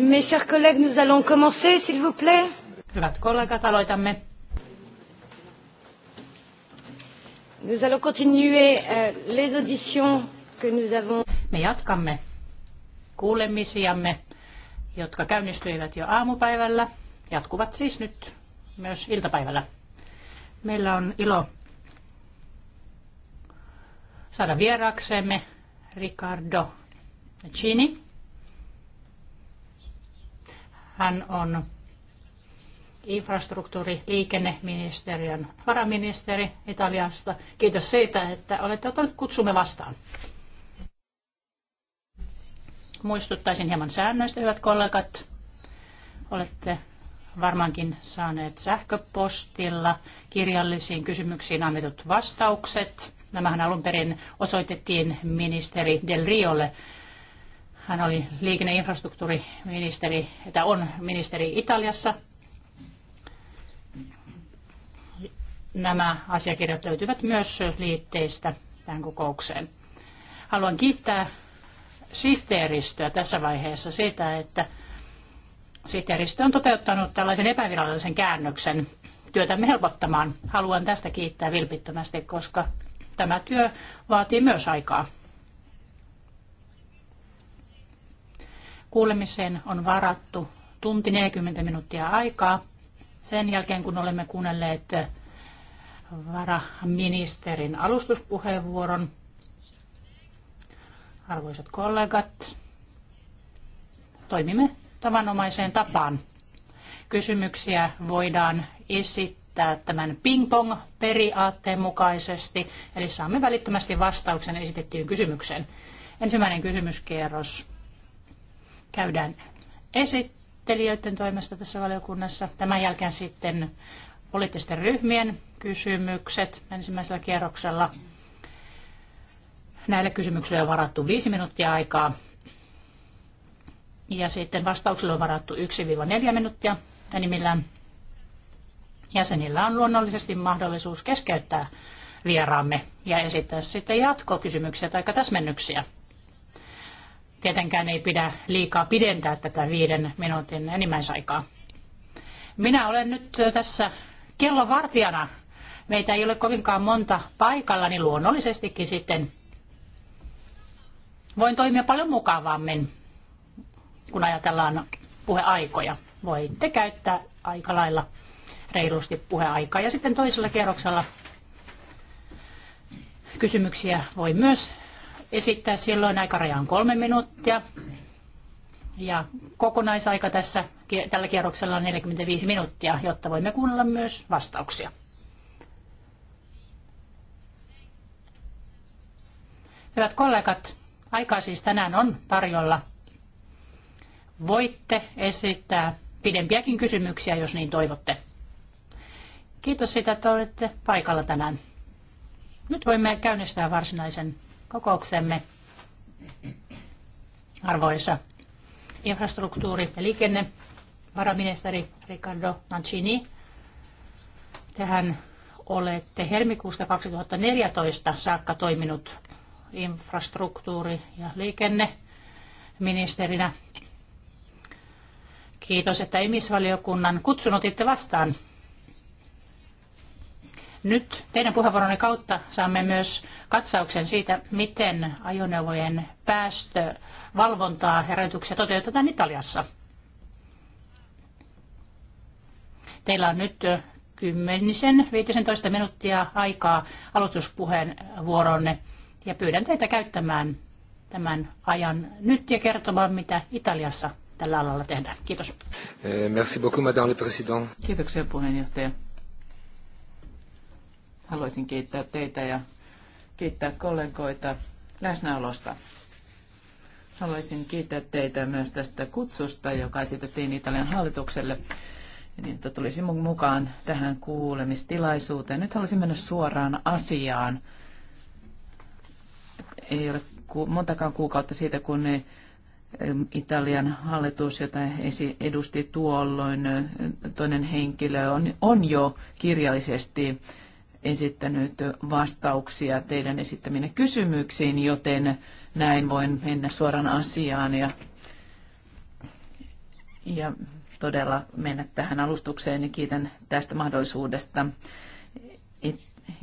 Mes chers collègues, nous allons commencer, s'il vous plaît. Hyvät kollegat, aloitamme. Nous allons continuer euh, les auditions que nous avons. Me jatkamme kuulemisiamme, jotka käynnistyivät jo aamupäivällä, jatkuvat siis nyt myös iltapäivällä. Meillä on ilo saada vieraaksemme Ricardo Cini, hän on infrastruktuuri- liikenneministeriön varaministeri Italiasta. Kiitos siitä, että olette ottaneet kutsumme vastaan. Muistuttaisin hieman säännöistä, hyvät kollegat. Olette varmaankin saaneet sähköpostilla kirjallisiin kysymyksiin annetut vastaukset. Nämähän alun perin osoitettiin ministeri Del Riolle hän oli liikenneinfrastruktuuriministeri, että on ministeri Italiassa. Nämä asiakirjat löytyvät myös liitteistä tähän kokoukseen. Haluan kiittää sihteeristöä tässä vaiheessa siitä, että sihteeristö on toteuttanut tällaisen epävirallisen käännöksen työtämme helpottamaan. Haluan tästä kiittää vilpittömästi, koska tämä työ vaatii myös aikaa. Kuulemiseen on varattu tunti 40 minuuttia aikaa. Sen jälkeen, kun olemme kuunnelleet varaministerin alustuspuheenvuoron, arvoisat kollegat, toimimme tavanomaiseen tapaan. Kysymyksiä voidaan esittää tämän ping-pong-periaatteen mukaisesti, eli saamme välittömästi vastauksen esitettyyn kysymykseen. Ensimmäinen kysymyskierros käydään esittelijöiden toimesta tässä valiokunnassa. Tämän jälkeen sitten poliittisten ryhmien kysymykset ensimmäisellä kierroksella. Näille kysymyksille on varattu viisi minuuttia aikaa. Ja sitten vastauksille on varattu 1-4 minuuttia enimmillään. Jäsenillä on luonnollisesti mahdollisuus keskeyttää vieraamme ja esittää sitten jatkokysymyksiä tai täsmennyksiä. Tietenkään ei pidä liikaa pidentää tätä viiden minuutin enimmäisaikaa. Minä olen nyt tässä kellovartijana. Meitä ei ole kovinkaan monta paikalla, niin luonnollisestikin sitten voin toimia paljon mukavammin, kun ajatellaan puheaikoja. Voitte käyttää aika lailla reilusti puheaikaa. Ja sitten toisella kierroksella kysymyksiä voi myös esittää silloin. Aikaraja kolme minuuttia. Ja kokonaisaika tässä, tällä kierroksella on 45 minuuttia, jotta voimme kuunnella myös vastauksia. Hyvät kollegat, aikaa siis tänään on tarjolla. Voitte esittää pidempiäkin kysymyksiä, jos niin toivotte. Kiitos siitä, että olette paikalla tänään. Nyt voimme käynnistää varsinaisen kokouksemme. Arvoisa infrastruktuuri- ja liikenne, varaministeri Ricardo Mancini, tehän olette helmikuusta 2014 saakka toiminut infrastruktuuri- ja liikenneministerinä. Kiitos, että emisvaliokunnan kutsun otitte vastaan nyt teidän puheenvuoronne kautta saamme myös katsauksen siitä, miten ajoneuvojen päästövalvontaa ja rajoituksia toteutetaan Italiassa. Teillä on nyt kymmenisen, 15 minuuttia aikaa aloituspuheenvuoronne ja pyydän teitä käyttämään tämän ajan nyt ja kertomaan, mitä Italiassa tällä alalla tehdään. Kiitos. Eh, merci beaucoup, Madame le Président. Kiitoksia puheenjohtaja. Haluaisin kiittää teitä ja kiittää kollegoita läsnäolosta. Haluaisin kiittää teitä myös tästä kutsusta, joka esitettiin Italian hallitukselle, niin että tulisi mukaan tähän kuulemistilaisuuteen. Nyt haluaisin mennä suoraan asiaan. Ei ole montakaan kuukautta siitä, kun ne eh, Italian hallitus, jota edusti tuolloin eh, toinen henkilö, on, on jo kirjallisesti esittänyt vastauksia teidän esittäminen kysymyksiin, joten näin voin mennä suoraan asiaan ja, ja todella mennä tähän alustukseen kiitän tästä mahdollisuudesta.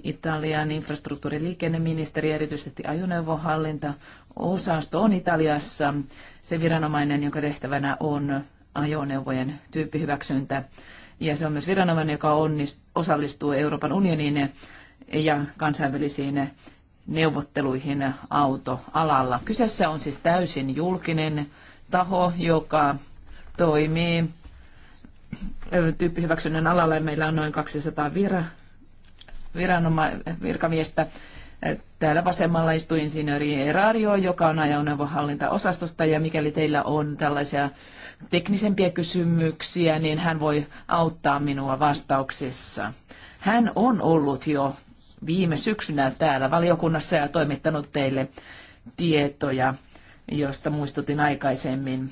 Italian infrastruktuuri- ja liikenneministeri, erityisesti ajoneuvohallinta, osasto on Italiassa se viranomainen, jonka tehtävänä on ajoneuvojen tyyppihyväksyntä ja se on myös viranomainen, joka onnist, osallistuu Euroopan unioniin ja kansainvälisiin neuvotteluihin autoalalla. Kyseessä on siis täysin julkinen taho, joka toimii tyyppihyväksynnän alalla. Meillä on noin 200 vira, viranoma, virkamiestä Täällä vasemmalla istuu insinööri Eraario, joka on ajoneuvohallintaosastosta ja mikäli teillä on tällaisia teknisempiä kysymyksiä, niin hän voi auttaa minua vastauksissa. Hän on ollut jo viime syksynä täällä valiokunnassa ja toimittanut teille tietoja, josta muistutin aikaisemmin.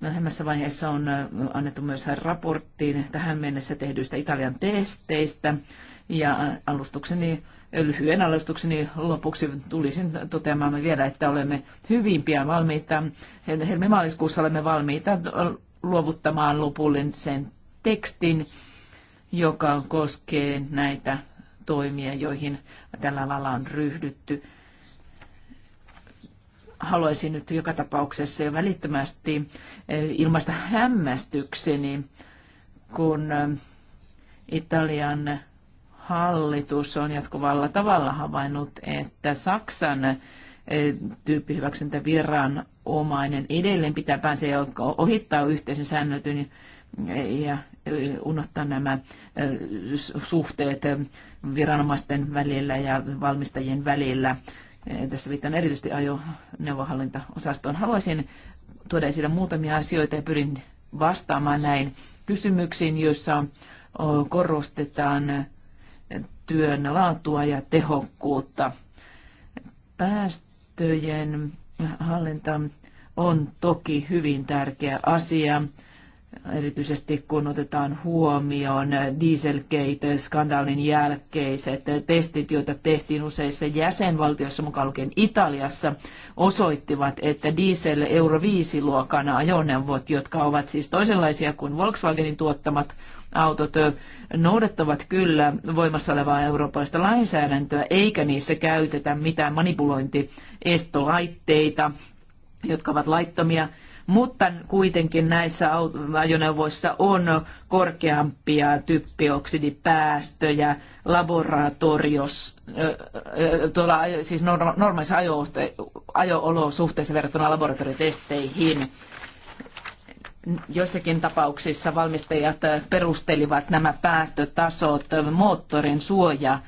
Lähemmässä vaiheessa on äh, annettu myös raporttiin tähän mennessä tehdyistä Italian testeistä ja äh, alustukseni lyhyen alustukseni lopuksi tulisin toteamaan vielä, että olemme hyvin pian valmiita. Helmimaaliskuussa olemme valmiita luovuttamaan lopullisen tekstin, joka koskee näitä toimia, joihin tällä lailla on ryhdytty. Haluaisin nyt joka tapauksessa jo välittömästi eh, ilmaista hämmästykseni, kun eh, Italian hallitus on jatkuvalla tavalla havainnut, että Saksan eh, omainen edelleen pitää pääsee ohittaa yhteisen säännötyn ja unohtaa nämä suhteet viranomaisten välillä ja valmistajien välillä. E, tässä viittaan erityisesti ajoneuvohallintaosastoon. Haluaisin tuoda esille muutamia asioita ja pyrin vastaamaan näin kysymyksiin, joissa korostetaan työn laatua ja tehokkuutta. Päästöjen hallinta on toki hyvin tärkeä asia, erityisesti kun otetaan huomioon Dieselgate-skandaalin jälkeiset testit, joita tehtiin useissa jäsenvaltioissa, mukaan lukien Italiassa, osoittivat, että diesel Euro 5-luokan ajoneuvot, jotka ovat siis toisenlaisia kuin Volkswagenin tuottamat autot noudattavat kyllä voimassa olevaa eurooppalaista lainsäädäntöä, eikä niissä käytetä mitään manipulointiestolaitteita, jotka ovat laittomia, mutta kuitenkin näissä ajoneuvoissa on korkeampia typpioksidipäästöjä laboratorios, siis normaalissa ajo-olosuhteissa verrattuna laboratoriotesteihin. Joissakin tapauksissa valmistajat perustelivat nämä päästötasot moottorin suoja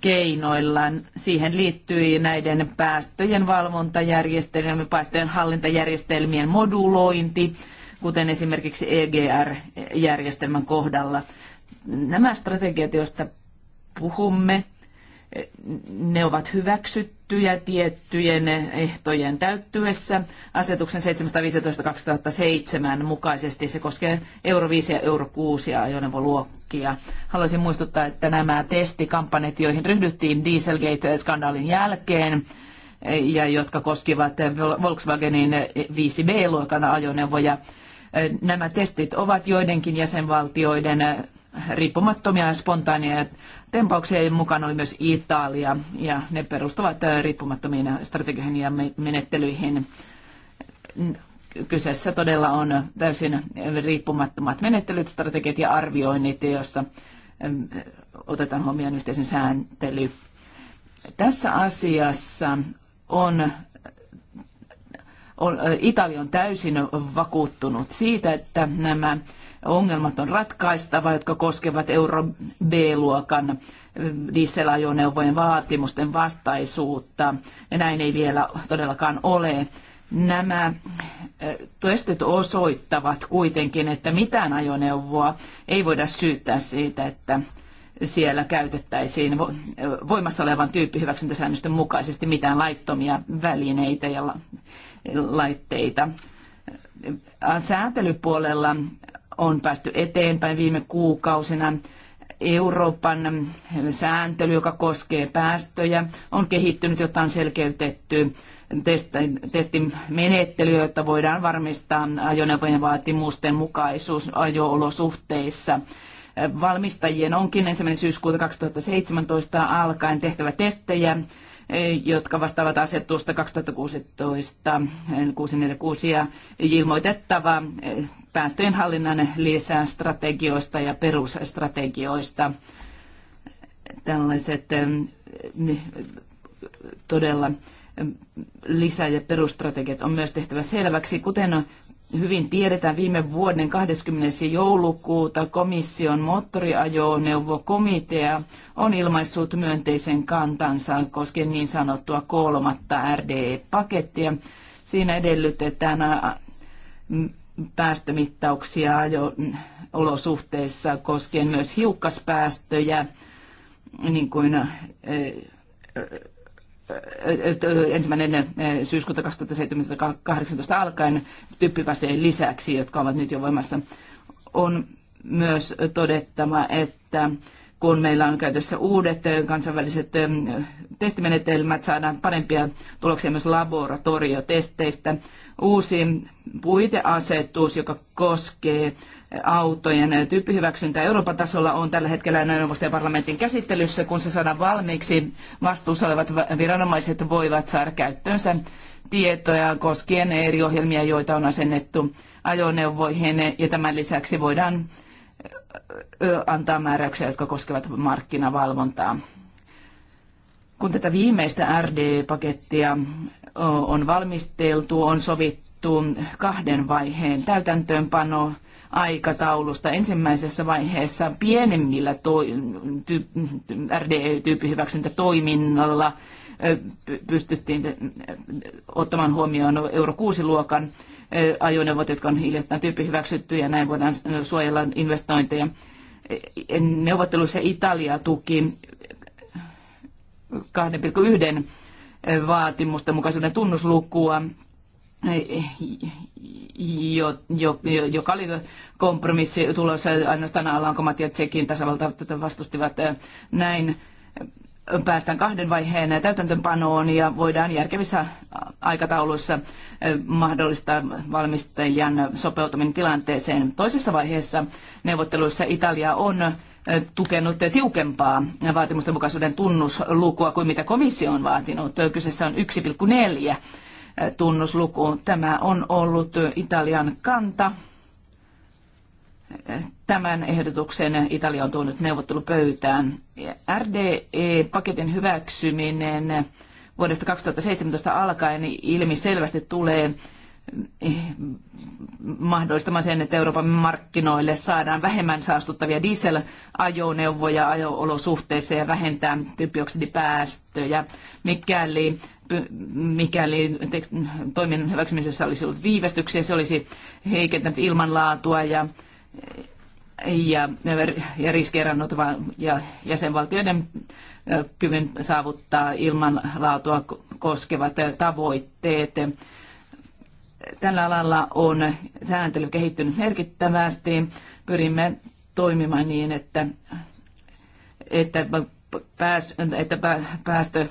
keinoilla. Siihen liittyi näiden päästöjen valvontajärjestelmien, päästöjen hallintajärjestelmien modulointi, kuten esimerkiksi EGR-järjestelmän kohdalla. Nämä strategiat, joista puhumme, ne ovat hyväksyttyjä tiettyjen ehtojen täyttyessä asetuksen 715-2007 mukaisesti. Se koskee euro 5 ja euro 6 ajoneuvoluokkia. Haluaisin muistuttaa, että nämä testikampanjat, joihin ryhdyttiin Dieselgate-skandaalin jälkeen, ja jotka koskivat Volkswagenin 5B-luokan ajoneuvoja. Nämä testit ovat joidenkin jäsenvaltioiden riippumattomia spontaaneja tempauksia. Mukana oli myös Italia ja ne perustuvat äh, riippumattomiin strategioihin ja menettelyihin. Kyseessä todella on täysin riippumattomat menettelyt, strategiat ja arvioinnit, joissa ähm, otetaan huomioon yhteisen sääntely. Tässä asiassa on äh, Italia on täysin vakuuttunut siitä, että nämä ongelmat on ratkaistava, jotka koskevat Euro B-luokan dieselajoneuvojen vaatimusten vastaisuutta. Ja näin ei vielä todellakaan ole. Nämä testit osoittavat kuitenkin, että mitään ajoneuvoa ei voida syyttää siitä, että siellä käytettäisiin voimassa olevan tyyppihyväksyntäsäännösten mukaisesti mitään laittomia välineitä ja laitteita. Sääntelypuolella on päästy eteenpäin viime kuukausina. Euroopan sääntely, joka koskee päästöjä, on kehittynyt, jotta on selkeytetty testimenettely, jotta voidaan varmistaa ajoneuvojen vaatimusten mukaisuus ajo-olosuhteissa. Valmistajien onkin ensimmäinen syyskuuta 2017 alkaen tehtävä testejä jotka vastaavat asetusta 2016-646 ja ilmoitettava eh, päästöjen hallinnan lisää strategioista ja perusstrategioista. Tällaiset eh, todella eh, lisä- ja perustrategiat on myös tehtävä selväksi, kuten hyvin tiedetään, viime vuoden 20. joulukuuta komission moottoriajoneuvokomitea on ilmaissut myönteisen kantansa koskien niin sanottua kolmatta RDE-pakettia. Siinä edellytetään päästömittauksia ajo olosuhteissa koskien myös hiukkaspäästöjä, niin kuin ensimmäinen syyskuuta 2018 alkaen tyyppipäästöjen lisäksi, jotka ovat nyt jo voimassa, on myös todettava, että kun meillä on käytössä uudet kansainväliset testimenetelmät, saadaan parempia tuloksia myös laboratoriotesteistä. Uusi puiteasetus, joka koskee autojen tyyppihyväksyntää Euroopan tasolla, on tällä hetkellä neuvoston ja parlamentin käsittelyssä. Kun se saadaan valmiiksi, vastuussa olevat viranomaiset voivat saada käyttöönsä tietoja koskien eri ohjelmia, joita on asennettu ajoneuvoihin, ja tämän lisäksi voidaan antaa määräyksiä, jotka koskevat markkinavalvontaa. Kun tätä viimeistä RD-pakettia on valmisteltu, on sovittu kahden vaiheen täytäntöönpano aikataulusta. Ensimmäisessä vaiheessa pienemmillä rd tyyppihyväksyntätoiminnalla pystyttiin ottamaan huomioon Euro 6-luokan ajoneuvot, jotka on hiljattain tyyppi hyväksytty ja näin voidaan suojella investointeja. Neuvotteluissa Italia tuki 2,1 vaatimusta mukaisuuden tunnuslukua, jo, jo, joka oli kompromissi tulossa ainoastaan Alankomat ja Tsekin tasavalta tätä vastustivat näin päästään kahden vaiheen täytäntöpanoon ja voidaan järkevissä aikatauluissa mahdollistaa valmistajan sopeutuminen tilanteeseen. Toisessa vaiheessa neuvotteluissa Italia on tukenut tiukempaa vaatimusten mukaisuuden tunnuslukua kuin mitä komissio on vaatinut. Kyseessä on 1,4 tunnusluku. Tämä on ollut Italian kanta tämän ehdotuksen Italia on tuonut neuvottelupöytään. RDE-paketin hyväksyminen vuodesta 2017 alkaen ilmi selvästi tulee eh, mahdollistamaan sen, että Euroopan markkinoille saadaan vähemmän saastuttavia dieselajoneuvoja ajo-olosuhteissa ja vähentää typioksidipäästöjä, mikäli, mikäli toiminnan hyväksymisessä olisi ollut viivästyksiä, se olisi heikentänyt ilmanlaatua ja ja, ja riskeerannut ja jäsenvaltioiden kyvyn saavuttaa ilmanlaatua koskevat tavoitteet. Tällä alalla on sääntely kehittynyt merkittävästi. Pyrimme toimimaan niin, että, että, pääs, että päästö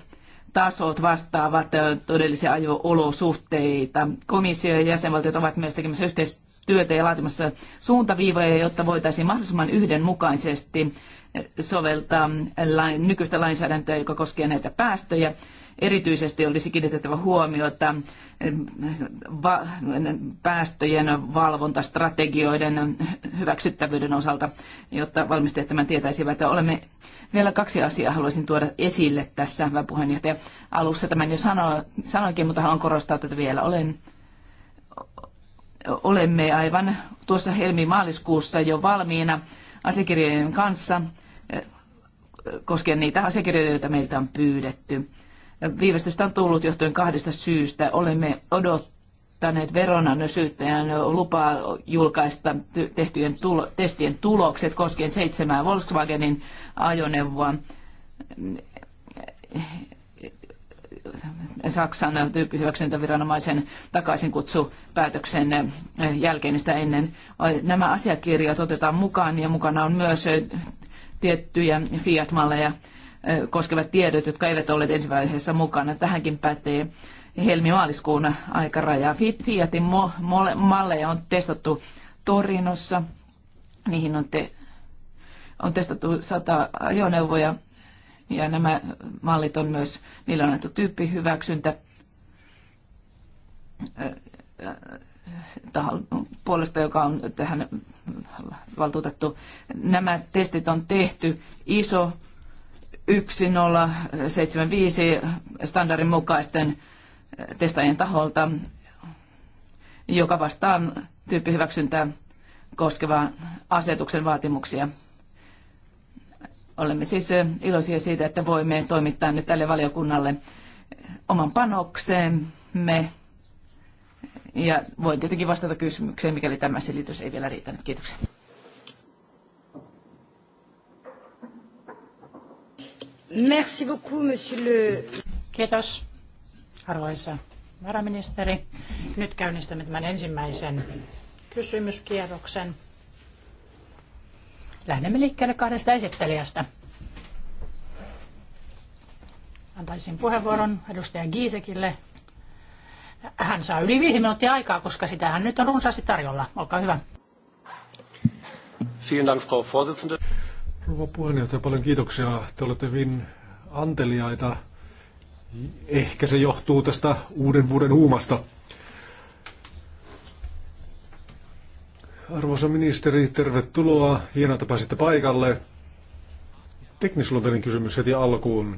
tasot vastaavat todellisia ajo-olosuhteita. Komissio ja jäsenvaltiot ovat myös tekemässä yhteistyötä työtä ja laatimassa suuntaviivoja, jotta voitaisiin mahdollisimman yhdenmukaisesti soveltaa nykyistä lainsäädäntöä, joka koskee näitä päästöjä. Erityisesti olisi kiinnitettävä huomiota eh, päästöjen valvontastrategioiden hyväksyttävyyden osalta, jotta valmistajat tämän tietäisivät. Olemme vielä kaksi asiaa haluaisin tuoda esille tässä, hyvä puheenjohtaja. Alussa tämän jo sanoinkin, mutta haluan korostaa tätä vielä. Olen olemme aivan tuossa helmi-maaliskuussa jo valmiina asiakirjojen kanssa eh, koskien niitä asiakirjoja, joita meiltä on pyydetty. Viivästystä on tullut johtuen kahdesta syystä. Olemme odottaneet veronan syyttäjän lupaa julkaista tehtyjen tulo, testien tulokset koskien seitsemää Volkswagenin ajoneuvoa Saksan tyyppihyväksyntäviranomaisen takaisin kutsupäätöksen jälkeen sitä ennen. Nämä asiakirjat otetaan mukaan ja mukana on myös tiettyjä Fiat-malleja koskevat tiedot, jotka eivät olleet ensivaiheessa mukana. Tähänkin pätee helmi-maaliskuun aikaraja. Fiatin malleja on testattu Torinossa. Niihin on, te, on testattu sata ajoneuvoja ja nämä mallit on myös, niillä on annettu tyyppihyväksyntä puolesta, joka on tähän valtuutettu. Nämä testit on tehty ISO 1075 standardin mukaisten testaajien taholta, joka vastaa tyyppihyväksyntää koskevaa asetuksen vaatimuksia. Olemme siis iloisia siitä, että voimme toimittaa nyt tälle valiokunnalle oman panoksemme. Ja voin tietenkin vastata kysymykseen, mikäli tämä selitys ei vielä riitä. Kiitoksia. Merci beaucoup, monsieur le... Kiitos, arvoisa varaministeri. Nyt käynnistämme tämän ensimmäisen kysymyskierroksen. Lähdemme liikkeelle kahdesta esittelijästä. Antaisin puheenvuoron edustaja Giisekille. Hän saa yli viisi minuuttia aikaa, koska sitä hän nyt on runsaasti tarjolla. Olkaa hyvä. Vielen Dank, Frau Vorsitzende. Rouva puheenjohtaja, paljon kiitoksia. Te olette hyvin anteliaita. Ehkä se johtuu tästä uuden vuoden huumasta. Arvoisa ministeri, tervetuloa. Hienoa, että pääsitte paikalle. Teknisluonteinen kysymys heti alkuun.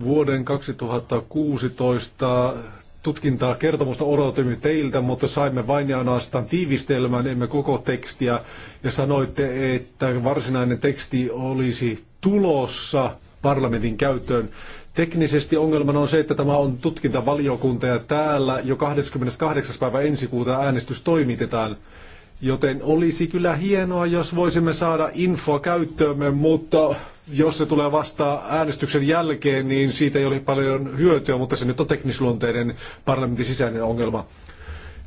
Vuoden 2016 tutkintaa kertomusta odotimme teiltä, mutta saimme vain ja ainoastaan tiivistelmän, emme koko tekstiä. Ja sanoitte, että varsinainen teksti olisi tulossa parlamentin käyttöön. Teknisesti ongelmana on se, että tämä on tutkintavaliokunta ja täällä jo 28. päivä ensi kuuta äänestys toimitetaan. Joten olisi kyllä hienoa, jos voisimme saada infoa käyttöömme, mutta jos se tulee vasta äänestyksen jälkeen, niin siitä ei ole paljon hyötyä, mutta se nyt on teknisluonteinen parlamentin sisäinen ongelma.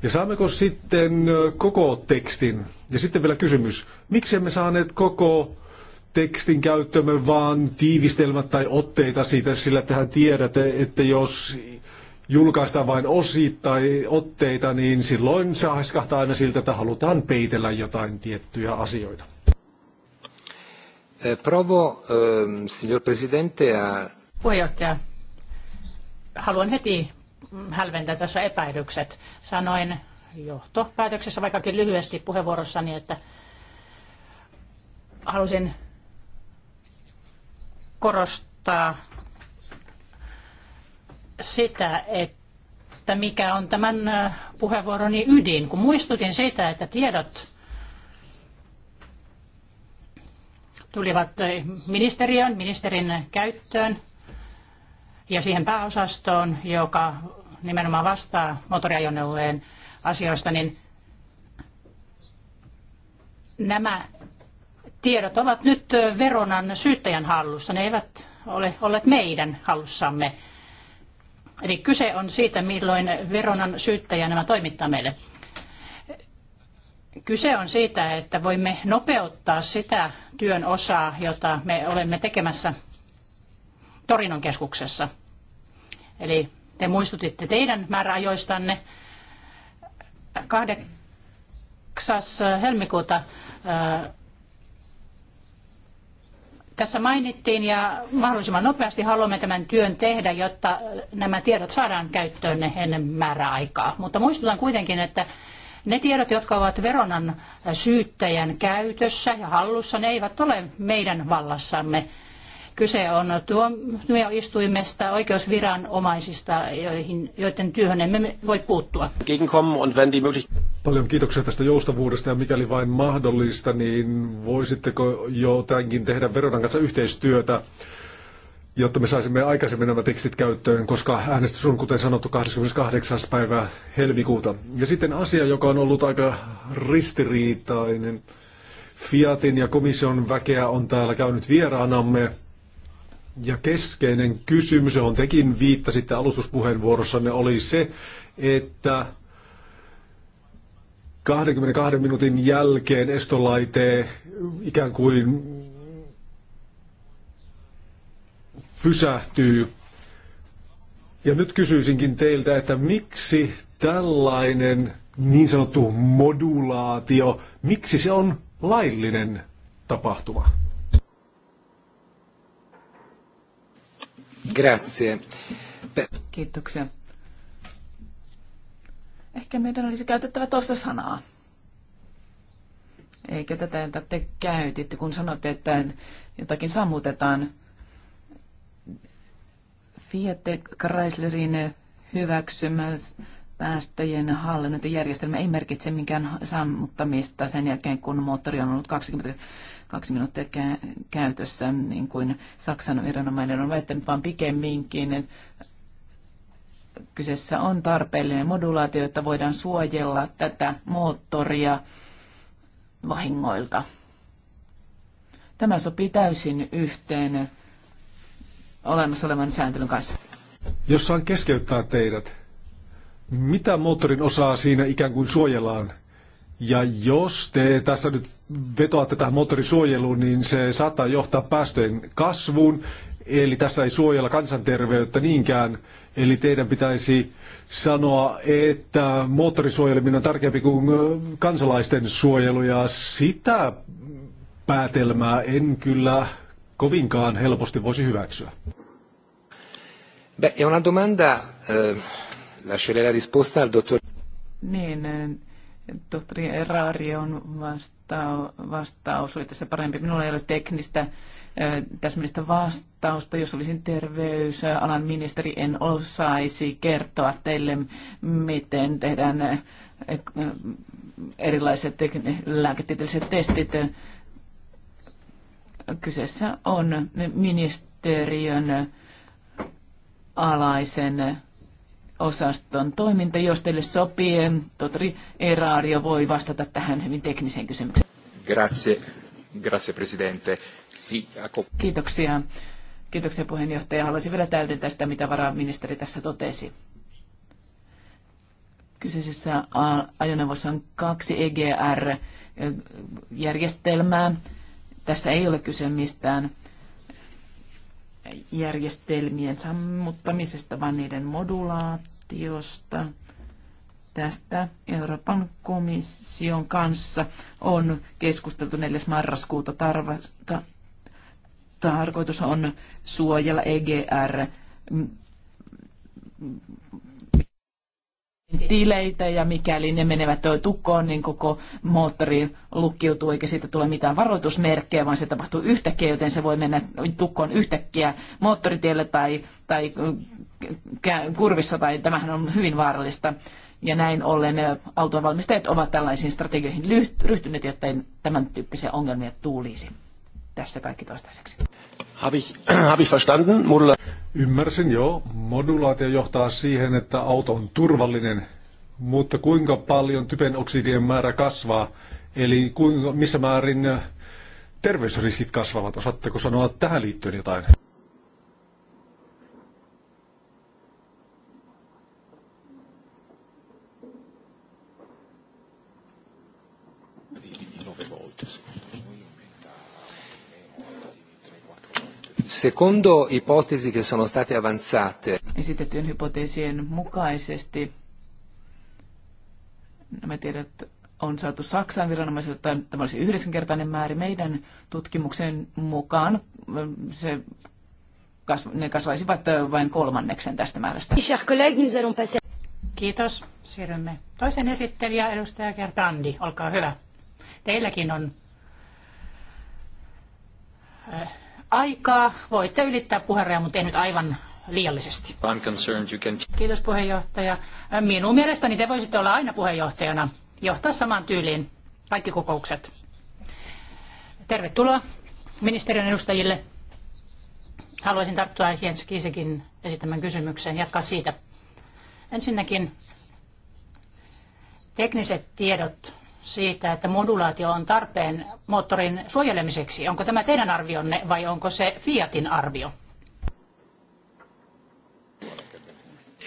Ja saammeko sitten koko tekstin? Ja sitten vielä kysymys. Miksi emme saaneet koko tekstin käyttöömme vaan tiivistelmät tai otteita siitä, sillä tähän tiedätte, että jos julkaista vain osittain otteita, niin silloin haiskahtaa aina siltä, että halutaan peitellä jotain tiettyjä asioita. Eh, provo, ehm, signor Presidente, a... Puheenjohtaja, haluan heti hälventää tässä epäilykset. Sanoin johtopäätöksessä, vaikkakin lyhyesti puheenvuorossani, että halusin korostaa sitä, että mikä on tämän puheenvuoroni ydin, kun muistutin siitä, että tiedot tulivat ministeriön, ministerin käyttöön ja siihen pääosastoon, joka nimenomaan vastaa motoriajoneuvojen asioista, niin nämä tiedot ovat nyt veronan syyttäjän hallussa. Ne eivät ole olleet meidän hallussamme. Eli kyse on siitä, milloin Veronan syyttäjä nämä toimittaa meille. Kyse on siitä, että voimme nopeuttaa sitä työn osaa, jota me olemme tekemässä Torinon keskuksessa. Eli te muistutitte teidän määräajoistanne. 8. helmikuuta äh, tässä mainittiin ja mahdollisimman nopeasti haluamme tämän työn tehdä, jotta nämä tiedot saadaan käyttöön ennen määräaikaa. Mutta muistutan kuitenkin, että ne tiedot, jotka ovat veronan syyttäjän käytössä ja hallussa, ne eivät ole meidän vallassamme Kyse on tuomioistuimesta, oikeusviranomaisista, joihin, joiden työhön emme voi puuttua. Paljon kiitoksia tästä joustavuudesta ja mikäli vain mahdollista, niin voisitteko jotakin tehdä Veronan kanssa yhteistyötä, jotta me saisimme aikaisemmin nämä tekstit käyttöön, koska äänestys on kuten sanottu 28. päivä helmikuuta. Ja sitten asia, joka on ollut aika ristiriitainen. Fiatin ja komission väkeä on täällä käynyt vieraanamme ja keskeinen kysymys, johon tekin viittasitte alustuspuheenvuorossanne, oli se, että 22 minuutin jälkeen estolaite ikään kuin pysähtyy. Ja nyt kysyisinkin teiltä, että miksi tällainen niin sanottu modulaatio, miksi se on laillinen tapahtuma? Grazie. Kiitoksia. Ehkä meidän olisi käytettävä toista sanaa. Eikä tätä, jota te käytitte, kun sanotte, että jotakin sammutetaan. Fiat Chryslerin hyväksymä päästöjen hallinnointijärjestelmä ei merkitse minkään sammuttamista sen jälkeen, kun moottori on ollut 20 kaksi minuuttia käytössä, niin kuin Saksan viranomainen on väittänyt, vaan pikemminkin kyseessä on tarpeellinen modulaatio, jotta voidaan suojella tätä moottoria vahingoilta. Tämä sopii täysin yhteen olemassa olevan sääntelyn kanssa. Jos saan keskeyttää teidät, mitä moottorin osaa siinä ikään kuin suojellaan? Ja jos te tässä nyt vetoatte tähän moottorisuojeluun, niin se saattaa johtaa päästöjen kasvuun. Eli tässä ei suojella kansanterveyttä niinkään. Eli teidän pitäisi sanoa, että moottorisuojeleminen on tärkeämpi kuin kansalaisten suojelu. Ja sitä päätelmää en kyllä kovinkaan helposti voisi hyväksyä. Beh, è una domanda, eh, lascerei la risposta al dottor... Niin, eh, tohtori Erari on vastau, vastaus, oli tässä parempi. Minulla ei ole teknistä täsmällistä vastausta. Jos olisin terveysalan ministeri, en osaisi kertoa teille, miten tehdään erilaiset lääketieteelliset testit. Kyseessä on ministeriön alaisen osaston toiminta. Jos teille sopii, totori Eraario voi vastata tähän hyvin tekniseen kysymykseen. Grazie, grazie presidente. Si, ako... Kiitoksia. Kiitoksia puheenjohtaja. Haluaisin vielä täydentää sitä, mitä varaministeri tässä totesi. Kyseisessä ajoneuvossa on kaksi EGR-järjestelmää. Tässä ei ole kyse mistään järjestelmien sammuttamisesta, vaan niiden modulaatiosta. Tästä Euroopan komission kanssa on keskusteltu 4. marraskuuta tarvasta. Tarkoitus on suojella EGR tileitä ja mikäli ne menevät tukkoon, niin koko moottori lukkiutuu eikä siitä tule mitään varoitusmerkkejä, vaan se tapahtuu yhtäkkiä, joten se voi mennä tukkoon yhtäkkiä moottoritielle tai, tai äh, kurvissa, tai tämähän on hyvin vaarallista. Ja näin ollen äh, autonvalmistajat ovat tällaisiin strategioihin ryhtyneet, jotta tämän tyyppisiä ongelmia tulisi tässä kaikki toistaiseksi. Hab ich, hab ich verstanden? Modula- Ymmärsin jo. Modulaatio johtaa siihen, että auto on turvallinen, mutta kuinka paljon oksidien määrä kasvaa, eli kuinka, missä määrin äh, terveysriskit kasvavat? Osaatteko sanoa tähän liittyen jotain? Secondo ipotesi che sono state avanzate. Esitettyjen hypoteesien mukaisesti nämä tiedot on saatu Saksan viranomaisilta, tai tämä olisi yhdeksänkertainen määrä meidän tutkimuksen mukaan. Äh, se kasv- ne kasvaisivat äh, vain kolmanneksen tästä määrästä. Kiitos. Siirrymme toisen esittelijä, edustaja Kertandi. Olkaa hyvä. Teilläkin on äh, aikaa. Voitte ylittää puheenjohtaja, mutta ei nyt aivan liiallisesti. Can... Kiitos puheenjohtaja. Minun mielestäni te voisitte olla aina puheenjohtajana, johtaa samaan tyyliin kaikki kokoukset. Tervetuloa ministeriön edustajille. Haluaisin tarttua Jens Kiisekin esittämään kysymykseen, jatkaa siitä. Ensinnäkin tekniset tiedot siitä, että modulaatio on tarpeen moottorin suojelemiseksi. Onko tämä teidän arvionne vai onko se Fiatin arvio?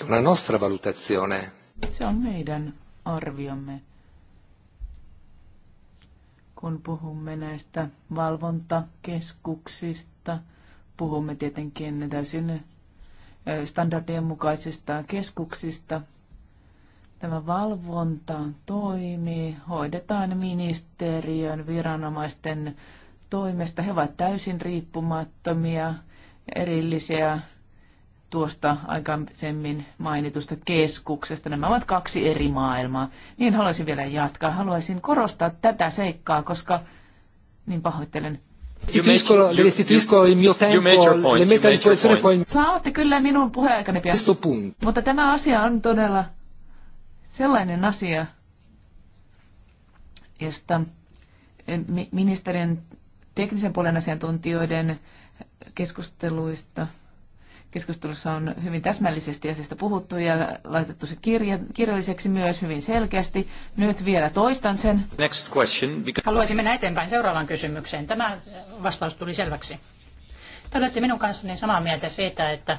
Una nostra valutazione. Se on meidän arviomme, kun puhumme näistä valvontakeskuksista. Puhumme tietenkin täysin standardien mukaisista keskuksista, tämä valvonta toimii, hoidetaan ministeriön viranomaisten toimesta. He ovat täysin riippumattomia, erillisiä tuosta aikaisemmin mainitusta keskuksesta. Nämä ovat kaksi eri maailmaa. Niin haluaisin vielä jatkaa. Haluaisin korostaa tätä seikkaa, koska niin pahoittelen. Saatte kyllä minun puheaikani pian. Mutta tämä asia on todella sellainen asia, josta ministerin teknisen puolen asiantuntijoiden keskusteluista keskustelussa on hyvin täsmällisesti asiasta puhuttu ja laitettu se kirja, kirjalliseksi myös hyvin selkeästi. Nyt vielä toistan sen. Next question, because... Haluaisin mennä eteenpäin seuraavaan kysymykseen. Tämä vastaus tuli selväksi. Te olette minun kanssani samaa mieltä siitä, että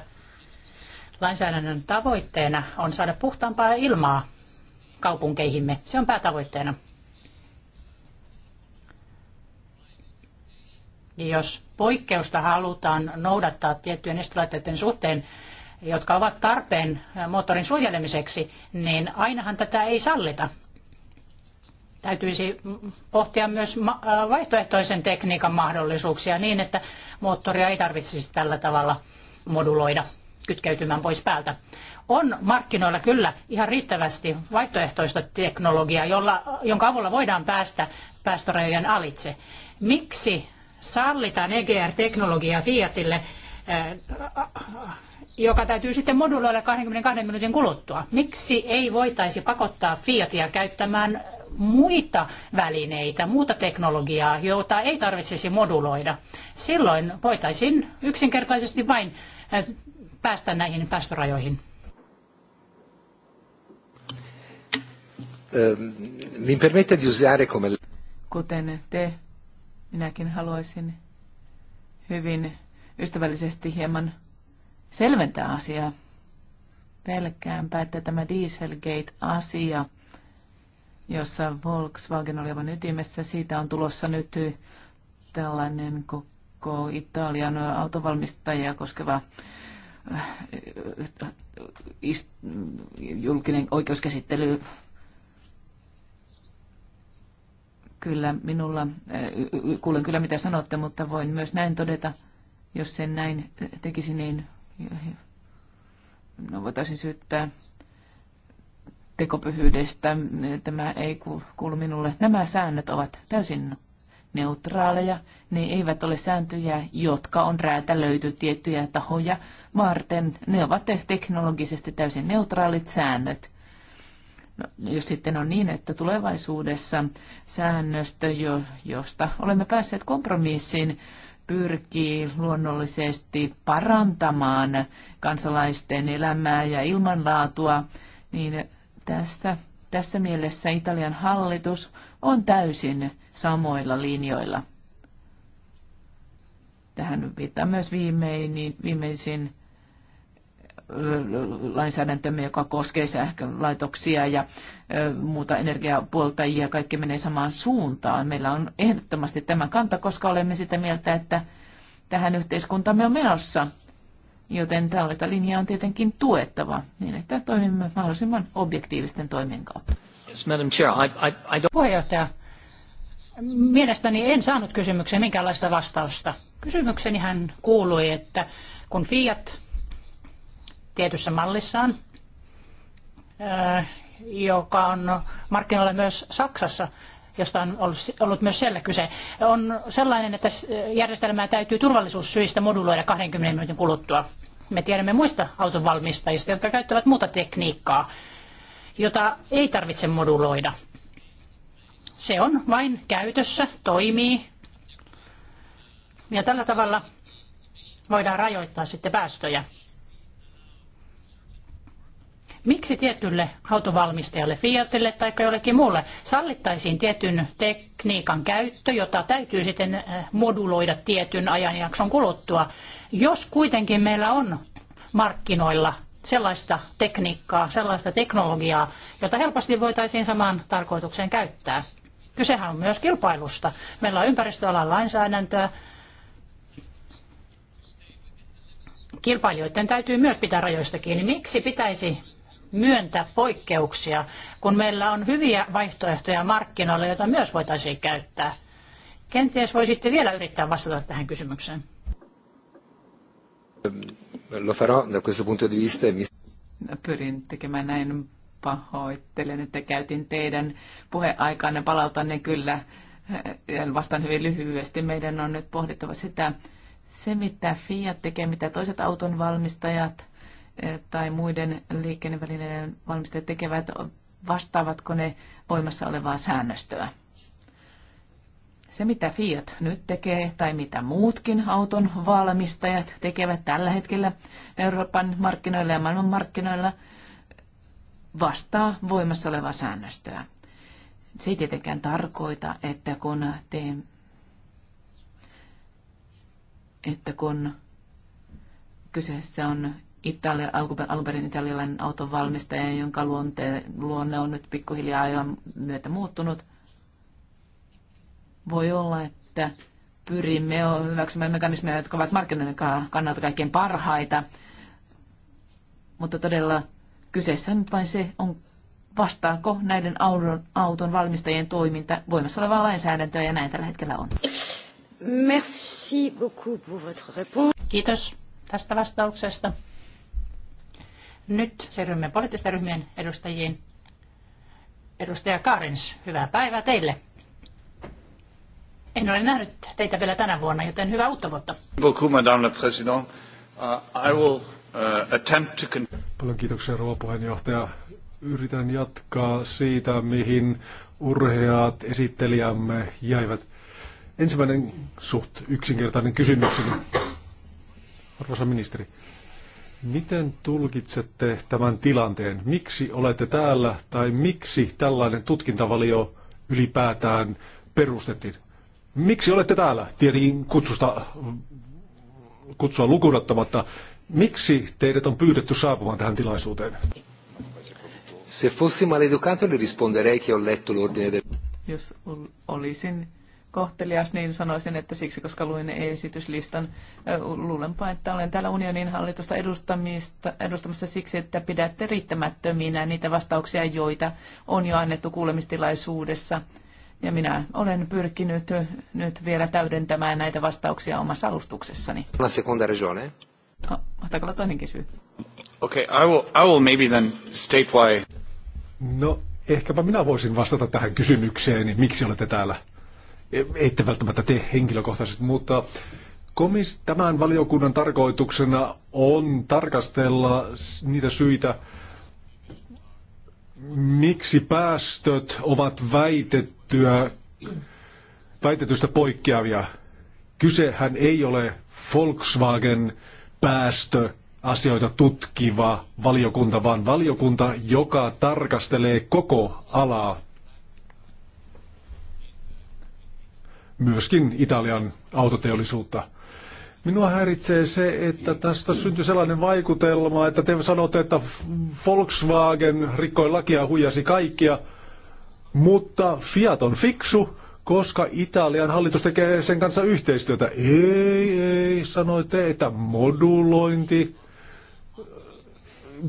lainsäädännön tavoitteena on saada puhtaampaa ilmaa kaupunkeihimme. Se on päätavoitteena. Jos poikkeusta halutaan noudattaa tiettyjen estolaitteiden suhteen, jotka ovat tarpeen moottorin suojelemiseksi, niin ainahan tätä ei sallita. Täytyisi pohtia myös äh, vaihtoehtoisen tekniikan mahdollisuuksia niin, että moottoria ei tarvitsisi tällä tavalla moduloida kytkeytymään pois päältä on markkinoilla kyllä ihan riittävästi vaihtoehtoista teknologiaa, jolla, jonka avulla voidaan päästä päästörajojen alitse. Miksi sallitaan egr teknologia Fiatille, eh, joka täytyy sitten moduloida 22 minuutin kuluttua? Miksi ei voitaisi pakottaa Fiatia käyttämään muita välineitä, muuta teknologiaa, jota ei tarvitsisi moduloida? Silloin voitaisiin yksinkertaisesti vain eh, päästä näihin päästörajoihin. Ehm, mi permette di usare come... Kuten te, minäkin haluaisin hyvin ystävällisesti hieman selventää asiaa. Pelkäänpä, että tämä Dieselgate-asia, jossa Volkswagen oli aivan ytimessä, siitä on tulossa nyt tällainen koko Italian autovalmistajia koskeva äh, äh, äh, julkinen oikeuskäsittely Kyllä, minulla, kuulen kyllä mitä sanotte, mutta voin myös näin todeta, jos sen näin tekisi, niin no, voitaisiin syyttää tekopyhyydestä. Tämä ei kuulu minulle. Nämä säännöt ovat täysin neutraaleja. Ne eivät ole sääntöjä, jotka on löyty tiettyjä tahoja varten. Ne ovat teknologisesti täysin neutraalit säännöt. No, jos sitten on niin, että tulevaisuudessa säännöstö, jo, josta olemme päässeet kompromissiin, pyrkii luonnollisesti parantamaan kansalaisten elämää ja ilmanlaatua, niin tästä, tässä mielessä Italian hallitus on täysin samoilla linjoilla. Tähän viittaa myös viimein, viimeisin lainsäädäntömme, joka koskee sähkölaitoksia ja muuta energiapuolta ja kaikki menee samaan suuntaan. Meillä on ehdottomasti tämä kanta, koska olemme sitä mieltä, että tähän yhteiskuntamme on menossa. Joten tällaista linjaa on tietenkin tuettava niin, että toimimme mahdollisimman objektiivisten toimien kautta. Yes, Madam Chair, I, I, I don't... Puheenjohtaja, mielestäni en saanut kysymykseen minkäänlaista vastausta. hän kuului, että kun Fiat tietyssä mallissaan, joka on markkinoilla myös Saksassa, josta on ollut myös siellä kyse, on sellainen, että järjestelmää täytyy turvallisuussyistä moduloida 20 minuutin kuluttua. Me tiedämme muista autonvalmistajista, jotka käyttävät muuta tekniikkaa, jota ei tarvitse moduloida. Se on vain käytössä, toimii. Ja tällä tavalla voidaan rajoittaa sitten päästöjä. Miksi tietylle autovalmistajalle, Fiatille tai jollekin muulle, sallittaisiin tietyn tekniikan käyttö, jota täytyy sitten eh, moduloida tietyn ajanjakson kuluttua, jos kuitenkin meillä on markkinoilla sellaista tekniikkaa, sellaista teknologiaa, jota helposti voitaisiin samaan tarkoitukseen käyttää. Kysehän on myös kilpailusta. Meillä on ympäristöalan lainsäädäntöä. Kilpailijoiden täytyy myös pitää rajoista kiinni. Miksi pitäisi myöntää poikkeuksia, kun meillä on hyviä vaihtoehtoja markkinoilla, joita myös voitaisiin käyttää? Kenties voisitte vielä yrittää vastata tähän kysymykseen. Lo farò da questo punto di vista. E pyrin tekemään näin pahoittelen, että käytin teidän puheaikanne. Palautan ne kyllä. Vastaan hyvin lyhyesti. Meidän on nyt pohdittava sitä, se mitä Fiat tekee, mitä toiset auton valmistajat tai muiden liikennevälineiden valmistajat tekevät, vastaavatko ne voimassa olevaa säännöstöä. Se, mitä Fiat nyt tekee tai mitä muutkin auton valmistajat tekevät tällä hetkellä Euroopan markkinoilla ja maailman markkinoilla, vastaa voimassa olevaa säännöstöä. Se ei tietenkään tarkoita, että kun, te, että kun kyseessä on Italia, alun perin italialainen auton valmistaja, jonka luonte, luonne on nyt pikkuhiljaa ajan myötä muuttunut. Voi olla, että pyrimme hyväksymään mekanismeja, jotka ovat markkinoiden kannalta kaikkein parhaita. Mutta todella kyseessä on nyt vain se, on, vastaako näiden auton, auton valmistajien toiminta voimassa olevaa lainsäädäntöä, ja näin tällä hetkellä on. Merci beaucoup pour votre réponse. Kiitos tästä vastauksesta. Nyt siirrymme poliittisten ryhmien edustajiin. Edustaja Kaarins, hyvää päivää teille. En ole nähnyt teitä vielä tänä vuonna, joten hyvää uutta vuotta. Uh, uh, Paljon kiitoksia, rouva puheenjohtaja. Yritän jatkaa siitä, mihin urheat esittelijämme jäivät. Ensimmäinen suht yksinkertainen kysymykseni. Arvoisa ministeri, Miten tulkitsette tämän tilanteen? Miksi olette täällä tai miksi tällainen tutkintavalio ylipäätään perustettiin? Miksi olette täällä? Tietenkin kutsusta, kutsua lukunottamatta. Miksi teidät on pyydetty saapumaan tähän tilaisuuteen? Se fossi maleducato, risponderei che ho letto l'ordine del... Jos olisin kohtelias, niin sanoisin, että siksi, koska luin esityslistan, luulenpa, että olen täällä unionin hallitusta edustamista, edustamassa siksi, että pidätte riittämättöminä niitä vastauksia, joita on jo annettu kuulemistilaisuudessa. Ja minä olen pyrkinyt nyt vielä täydentämään näitä vastauksia omassa alustuksessani. La seconda regione. Oh, no, olla toinenkin syy? Okay, I will, I will maybe then state why. No, ehkäpä minä voisin vastata tähän kysymykseen, niin miksi olette täällä? ette välttämättä te henkilökohtaisesti, mutta komis, tämän valiokunnan tarkoituksena on tarkastella niitä syitä, miksi päästöt ovat väitettyä, väitetystä poikkeavia. Kysehän ei ole Volkswagen päästö asioita tutkiva valiokunta, vaan valiokunta, joka tarkastelee koko alaa myöskin Italian autoteollisuutta. Minua häiritsee se, että tästä syntyi sellainen vaikutelma, että te sanotte, että Volkswagen rikkoi lakia huijasi kaikkia, mutta Fiat on fiksu, koska Italian hallitus tekee sen kanssa yhteistyötä. Ei, ei, sanoitte, että modulointi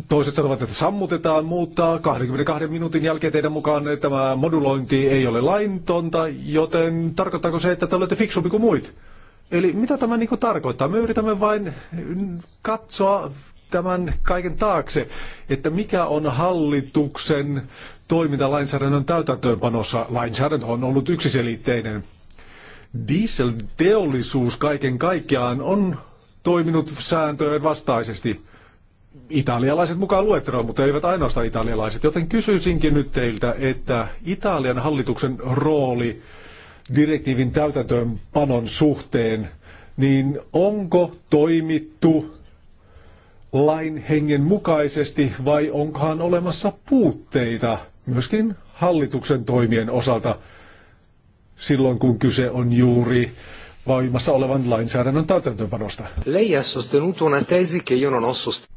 Toiset sanovat, että sammutetaan, mutta 22 minuutin jälkeen teidän mukaan tämä modulointi ei ole laintonta, joten tarkoittaako se, että te olette fiksumpi kuin muit? Eli mitä tämä niin tarkoittaa? Me yritämme vain katsoa tämän kaiken taakse, että mikä on hallituksen toiminta lainsäädännön täytäntöönpanossa. Lainsäädäntö on ollut yksiselitteinen. Dieselteollisuus kaiken kaikkiaan on toiminut sääntöjen vastaisesti italialaiset mukaan luetteloon, mutta eivät ainoastaan italialaiset. Joten kysyisinkin nyt teiltä, että Italian hallituksen rooli direktiivin täytäntöönpanon suhteen, niin onko toimittu lain hengen mukaisesti vai onkohan olemassa puutteita myöskin hallituksen toimien osalta silloin, kun kyse on juuri voimassa olevan lainsäädännön täytäntöönpanosta. Lei ha sostenuto una tesi che io non ho sostenuto.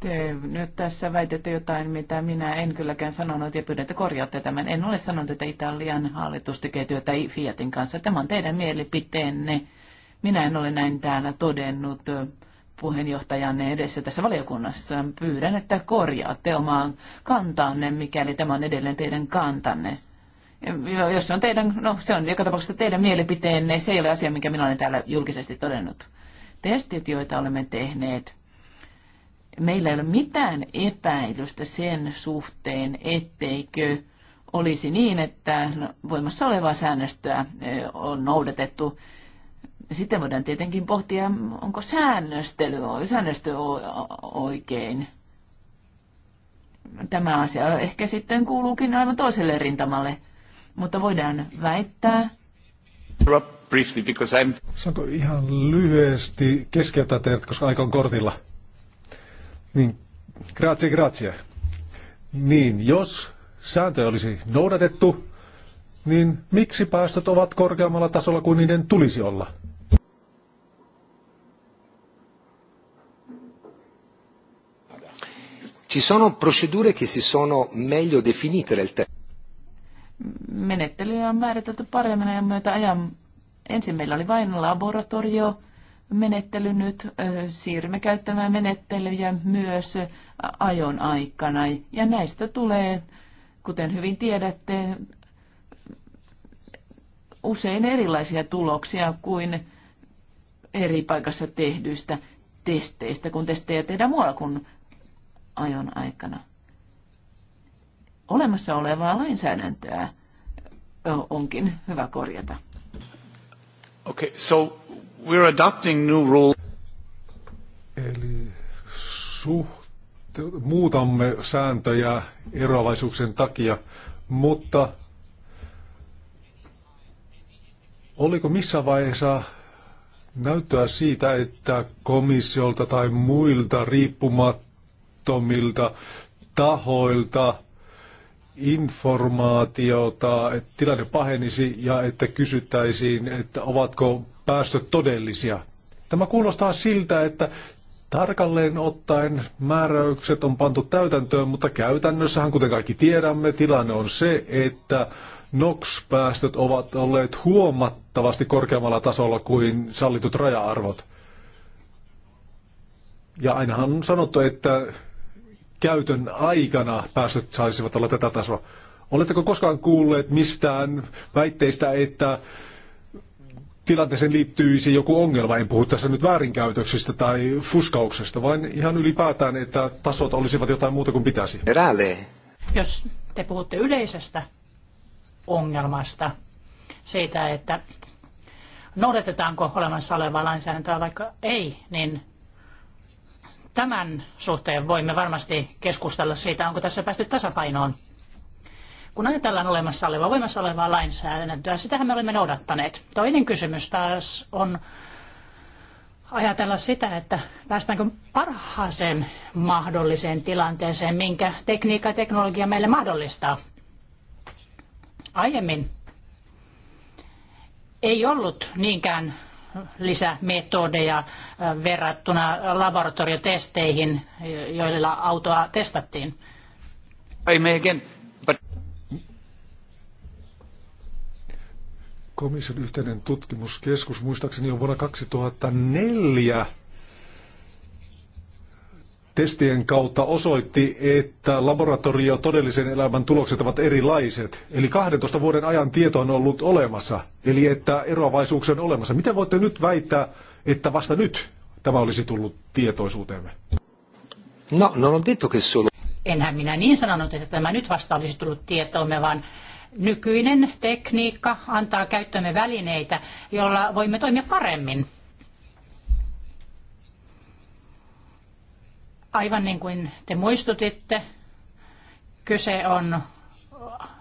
Te nyt tässä väitätte jotain, mitä minä en kylläkään sanonut ja pyydän, että korjaatte tämän. En ole sanonut, että Italian hallitus tekee työtä Fiatin kanssa. Tämä on teidän mielipiteenne. Minä en ole näin täällä todennut puheenjohtajanne edessä tässä valiokunnassa. Pyydän, että korjaatte omaan kantaanne, mikäli tämä on edelleen teidän kantanne. Jos se on teidän, no se on joka tapauksessa teidän mielipiteenne, se ei ole asia, minkä minä olen täällä julkisesti todennut. Testit, joita olemme tehneet, meillä ei ole mitään epäilystä sen suhteen, etteikö olisi niin, että voimassa olevaa säännöstöä on noudatettu. Sitten voidaan tietenkin pohtia, onko säännöstely, säännöstö oikein. Tämä asia ehkä sitten kuuluukin aivan toiselle rintamalle, mutta voidaan väittää. Saanko ihan lyhyesti keskeyttää teidät, koska aika on kortilla? Niin, grazie, grazie. Niin, jos sääntöjä olisi noudatettu, niin miksi päästöt ovat korkeammalla tasolla kuin niiden tulisi olla? Ci sono procedure che si sono meglio definite nel tempo. Menettelyjä on määritelty paremmin ja myötä ajan. Ensin meillä oli vain laboratorio, menettely nyt. Siirrymme käyttämään menettelyjä myös ajon aikana. Ja näistä tulee, kuten hyvin tiedätte, usein erilaisia tuloksia kuin eri paikassa tehdyistä testeistä, kun testejä tehdään muualla kuin ajon aikana. Olemassa olevaa lainsäädäntöä onkin hyvä korjata. Okay, so We're adopting new rules. Eli suht, muutamme sääntöjä eroavaisuuksien takia, mutta oliko missä vaiheessa näyttöä siitä, että komissiolta tai muilta riippumattomilta tahoilta informaatiota, että tilanne pahenisi ja että kysyttäisiin, että ovatko päästöt todellisia. Tämä kuulostaa siltä, että tarkalleen ottaen määräykset on pantu täytäntöön, mutta käytännössähän, kuten kaikki tiedämme, tilanne on se, että NOx-päästöt ovat olleet huomattavasti korkeammalla tasolla kuin sallitut raja-arvot. Ja ainahan on sanottu, että käytön aikana päästöt saisivat olla tätä tasoa. Oletteko koskaan kuulleet mistään väitteistä, että tilanteeseen liittyisi joku ongelma? En puhu tässä nyt väärinkäytöksistä tai fuskauksesta, vaan ihan ylipäätään, että tasot olisivat jotain muuta kuin pitäisi. Eräle. Jos te puhutte yleisestä ongelmasta, siitä, että noudatetaanko olemassa olevaa lainsäädäntöä vaikka ei, niin tämän suhteen voimme varmasti keskustella siitä, onko tässä päästy tasapainoon. Kun ajatellaan olemassa olevaa, voimassa olevaa lainsäädäntöä, sitähän me olemme noudattaneet. Toinen kysymys taas on ajatella sitä, että päästäänkö parhaaseen mahdolliseen tilanteeseen, minkä tekniikka ja teknologia meille mahdollistaa. Aiemmin ei ollut niinkään lisämetodeja äh, verrattuna laboratoriotesteihin, joilla autoa testattiin. Komission yhteinen tutkimuskeskus muistaakseni on vuonna 2004 testien kautta osoitti, että laboratorio todellisen elämän tulokset ovat erilaiset. Eli 12 vuoden ajan tieto on ollut olemassa, eli että eroavaisuuksia on olemassa. Miten voitte nyt väittää, että vasta nyt tämä olisi tullut tietoisuuteemme? No, no on detto che Enhän minä niin sanonut, että tämä nyt vasta olisi tullut tietoomme, vaan nykyinen tekniikka antaa käyttöömme välineitä, joilla voimme toimia paremmin Aivan niin kuin te muistutitte, kyse on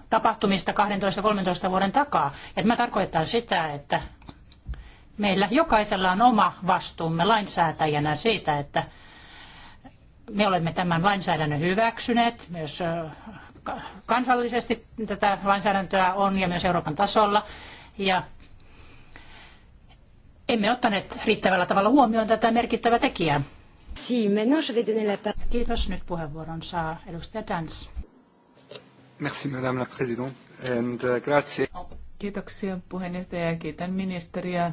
tapahtumista 12-13 vuoden takaa. Ja mä tarkoitan sitä, että meillä jokaisella on oma vastuumme lainsäätäjänä siitä, että me olemme tämän lainsäädännön hyväksyneet myös kansallisesti tätä lainsäädäntöä on ja myös Euroopan tasolla. Ja emme ottaneet riittävällä tavalla huomioon tätä merkittävää tekijää. Si, maintenant je vais donner la parole. Kiitos. Nyt puheenvuoron saa edustaja Merci, madame la présidente. And, uh, grazie. Kiitoksia puheenjohtaja ja kiitän ministeriä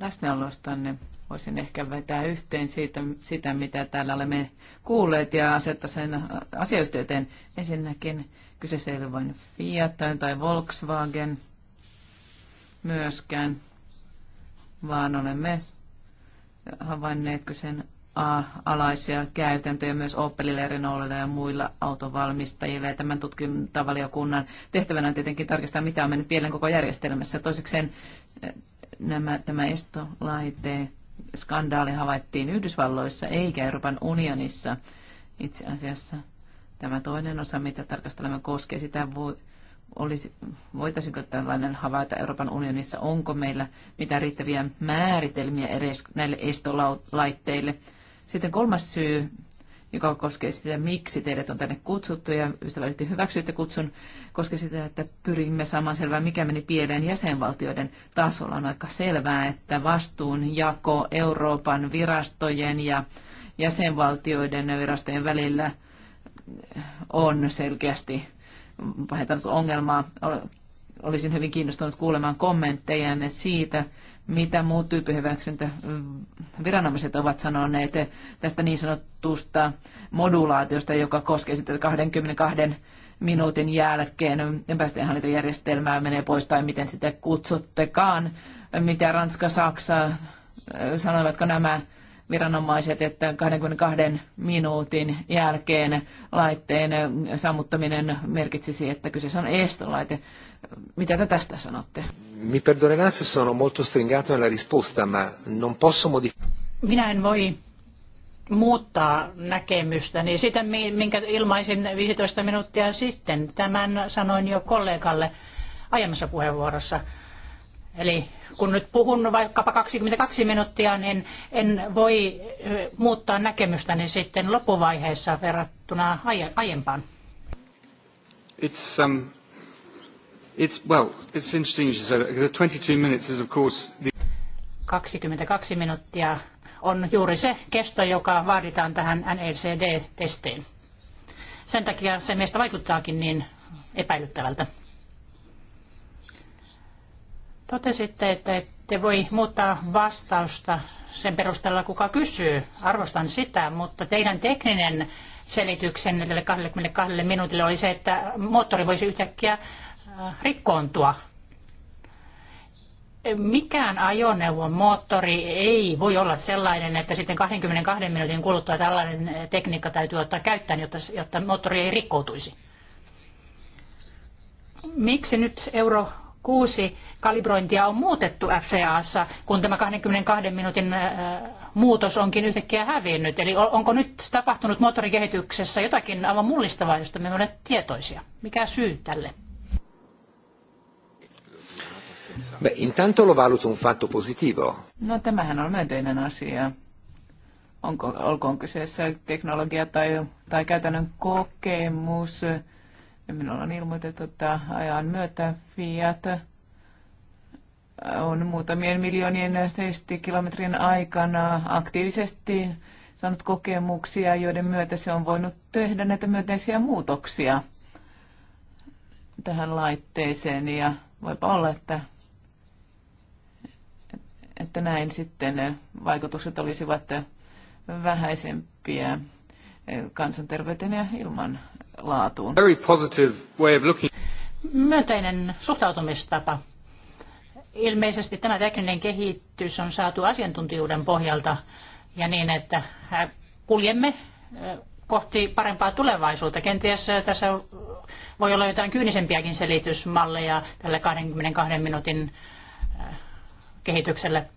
läsnäolostanne. Voisin ehkä vetää yhteen siitä, sitä, mitä täällä olemme kuulleet ja asettaa sen asiayhteyteen. Ensinnäkin kyseessä ei ole vain Fiat tai Volkswagen myöskään, vaan olemme havainneet sen alaisia käytäntöjä myös Opelille, Renaultille ja muilla autovalmistajille. Ja tämän tutkintavaliokunnan tehtävänä on tietenkin tarkistaa, mitä on mennyt pieleen koko järjestelmässä. Toisekseen eh, nämä, tämä estolaite skandaali havaittiin Yhdysvalloissa eikä Euroopan unionissa itse asiassa. Tämä toinen osa, mitä tarkastelemme, koskee sitä, olisi, voitaisiinko tällainen havaita Euroopan unionissa, onko meillä mitä riittäviä määritelmiä edes näille estolaitteille. Sitten kolmas syy, joka koskee sitä, miksi teidät on tänne kutsuttu ja ystävällisesti hyväksyitte kutsun, koskee sitä, että pyrimme saamaan selvää, mikä meni pieleen jäsenvaltioiden tasolla. On aika selvää, että vastuunjako Euroopan virastojen ja jäsenvaltioiden virastojen välillä on selkeästi pahentanut ongelmaa. Olisin hyvin kiinnostunut kuulemaan kommenttejanne siitä, mitä muut tyyppihyväksyntä mm, viranomaiset ovat sanoneet tästä niin sanotusta modulaatiosta, joka koskee sitten 22 minuutin jälkeen päästöjenhallintajärjestelmää menee pois tai miten sitä kutsuttekaan. Mitä Ranska, Saksa, äh, sanoivatko nämä viranomaiset, että 22 minuutin jälkeen laitteen sammuttaminen merkitsisi, että kyseessä on estolaite. Mitä te tästä sanotte? Mi perdonerà se sono molto stringato nella risposta, ma non posso Minä en voi muuttaa näkemystäni niin sitä, minkä ilmaisin 15 minuuttia sitten. Tämän sanoin jo kollegalle aiemmassa puheenvuorossa. Eli kun nyt puhun vaikkapa 22 minuuttia, niin en voi muuttaa näkemystäni sitten loppuvaiheessa verrattuna aiempaan. It's, um, it's, well, it's interesting, the 22 minutes is of course the... 22 minuuttia on juuri se kesto, joka vaaditaan tähän NECD-testiin. Sen takia se meistä vaikuttaakin niin epäilyttävältä. Totesitte, että ette voi muuttaa vastausta sen perusteella, kuka kysyy. Arvostan sitä, mutta teidän tekninen selityksenne tälle 22 minuutille oli se, että moottori voisi yhtäkkiä äh, rikkoontua. Mikään ajoneuvon moottori ei voi olla sellainen, että sitten 22 minuutin kuluttua tällainen tekniikka täytyy ottaa käyttöön, jotta, jotta moottori ei rikkoutuisi. Miksi nyt euro 6 kalibrointia on muutettu FCAssa, kun tämä 22 minuutin äh, muutos onkin yhtäkkiä hävinnyt? Eli onko nyt tapahtunut moottorikehityksessä jotakin aivan mullistavaa, josta me emme ole tietoisia? Mikä syy tälle? Beh, intanto lo valuto un fatto positivo. No tämähän on myönteinen asia. Onko, olkoon kyseessä teknologia tai, tai käytännön kokemus. Minulla on ilmoitettu, että ajan myötä Fiat on muutamien miljoonien testikilometrien aikana aktiivisesti saanut kokemuksia, joiden myötä se on voinut tehdä näitä myönteisiä muutoksia tähän laitteeseen ja voipa olla, että, että näin sitten vaikutukset olisivat vähäisempiä kansanterveyteen ja ilman laatuun. Very positive way of looking. Myönteinen suhtautumistapa Ilmeisesti tämä tekninen kehitys on saatu asiantuntijuuden pohjalta ja niin, että kuljemme kohti parempaa tulevaisuutta. Kenties tässä voi olla jotain kyynisempiäkin selitysmalleja tälle 22 minuutin kehitykselle,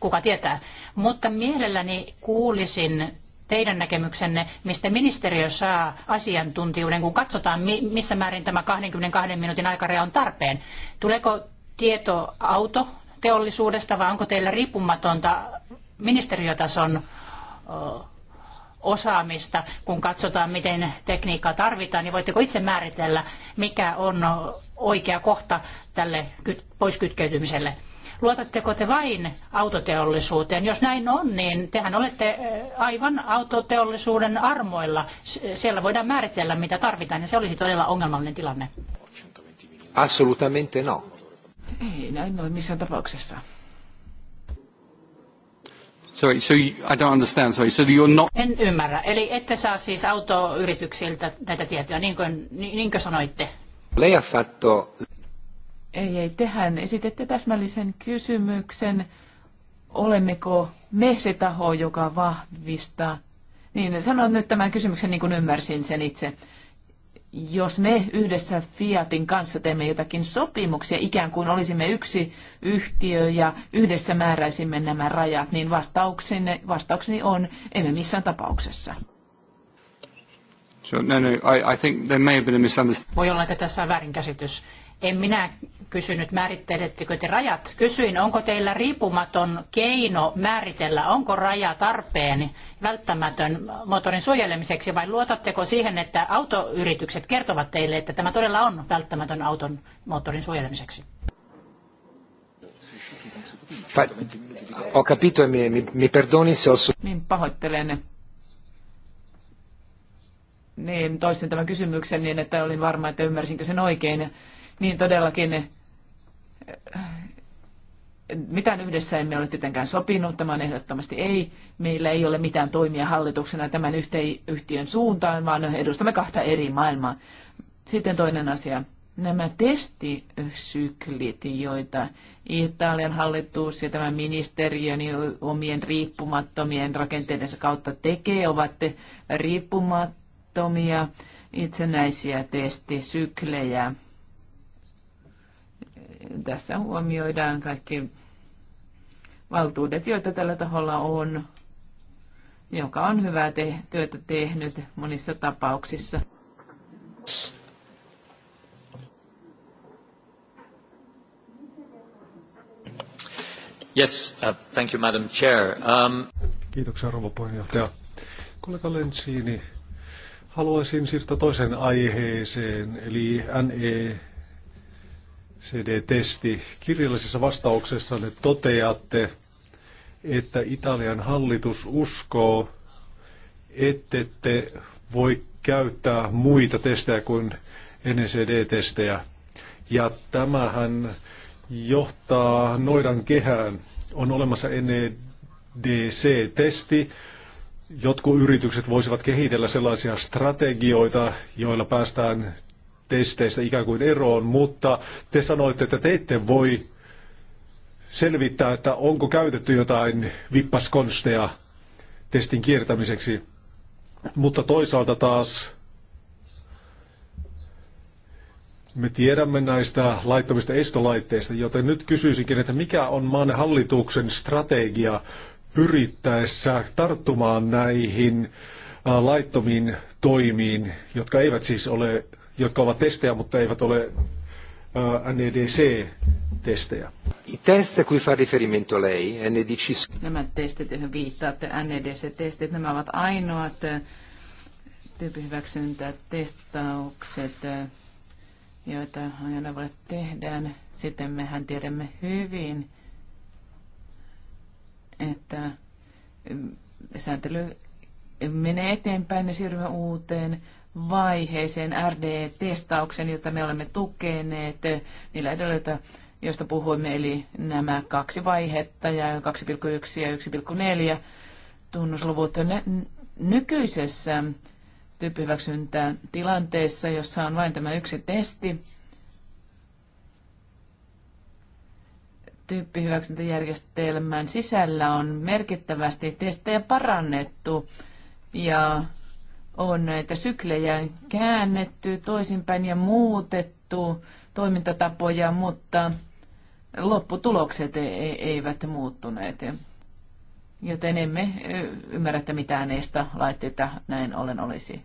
kuka tietää. Mutta mielelläni kuulisin teidän näkemyksenne, mistä ministeriö saa asiantuntijuuden, kun katsotaan, missä määrin tämä 22 minuutin aikaraja on tarpeen. Tuleeko tietoauto teollisuudesta vai onko teillä riippumatonta ministeriötason osaamista, kun katsotaan, miten tekniikkaa tarvitaan, niin voitteko itse määritellä, mikä on oikea kohta tälle poiskytkeytymiselle? Luotatteko te vain autoteollisuuteen? Jos näin on, niin tehän olette aivan autoteollisuuden armoilla. Siellä voidaan määritellä, mitä tarvitaan, ja se olisi todella ongelmallinen tilanne. Assolutamente no. Ei näin ole missään tapauksessa. Sorry, so you, I don't understand. Sorry, so you're not... En ymmärrä. Eli ette saa siis autoyrityksiltä näitä tietoja, niin kuin, niin, niin kuin sanoitte. Lei fatto... Ei, ei, tehän esitette täsmällisen kysymyksen, olemmeko me se taho, joka vahvistaa. Niin, sanon nyt tämän kysymyksen niin kuin ymmärsin sen itse jos me yhdessä Fiatin kanssa teemme jotakin sopimuksia, ikään kuin olisimme yksi yhtiö ja yhdessä määräisimme nämä rajat, niin vastaukseni, vastaukseni on, emme missään tapauksessa. Sure, no, no, I, I think there may have been a misunderstanding. Voi olla, että tässä on väärinkäsitys. En minä kysynyt, määrittelettekö te rajat. Kysyin, onko teillä riippumaton keino määritellä, onko raja tarpeen välttämätön motorin suojelemiseksi vai luotatteko siihen, että autoyritykset kertovat teille, että tämä todella on välttämätön auton moottorin suojelemiseksi? Ho capito e mi, mi, perdoni se Niin pahoittelen. Niin, toistin tämän kysymyksen niin, että olin varma, että ymmärsinkö sen oikein niin todellakin, eh, mitään yhdessä emme ole tietenkään sopinut, tämä on ehdottomasti ei. Meillä ei ole mitään toimia hallituksena tämän yhtiön suuntaan, vaan edustamme kahta eri maailmaa. Sitten toinen asia, nämä testisyklit, joita Italian hallitus ja tämä ministeriön omien riippumattomien rakenteidensa kautta tekee, ovat riippumattomia itsenäisiä testisyklejä tässä huomioidaan kaikki valtuudet, joita tällä taholla on, joka on hyvää te- työtä tehnyt monissa tapauksissa. Yes, uh, thank you, Madam Chair. Um... Kiitoksia, rouva puheenjohtaja. Kollega Lenzini, haluaisin siirtyä toiseen aiheeseen, eli NE CD-testi. Kirjallisessa ne toteatte, että Italian hallitus uskoo, ettette voi käyttää muita testejä kuin NCD-testejä. Ja tämähän johtaa noidan kehään. On olemassa ndc e testi Jotkut yritykset voisivat kehitellä sellaisia strategioita, joilla päästään testeistä ikään kuin eroon, mutta te sanoitte, että te ette voi selvittää, että onko käytetty jotain vippaskonsteja testin kiertämiseksi. Mutta toisaalta taas me tiedämme näistä laittomista estolaitteista, joten nyt kysyisinkin, että mikä on maan hallituksen strategia pyrittäessä tarttumaan näihin laittomiin toimiin, jotka eivät siis ole jotka ovat testejä, mutta eivät ole NEDC-testejä. I test cui fa riferimento lei, NEDC... Nämä testit, joihin viittaatte, NEDC-testit, nämä ovat ainoat testaukset, joita ajoneuvolle tehdään. Sitten mehän tiedämme hyvin, että sääntely menee eteenpäin ja siirrymme uuteen vaiheeseen RD-testauksen, jota me olemme tukeneet eh, niillä edellytä, joista puhuimme, eli nämä kaksi vaihetta ja 2,1 ja 1,4 tunnusluvut. Ne, nykyisessä tyyppihyväksyntään tilanteessa, jossa on vain tämä yksi testi, tyyppihyväksyntäjärjestelmän sisällä on merkittävästi testejä parannettu ja on näitä syklejä käännetty toisinpäin ja muutettu toimintatapoja, mutta lopputulokset e-, e-, eivät muuttuneet. Joten emme e, ymmärrä, että mitään niistä laitteita näin ollen olisi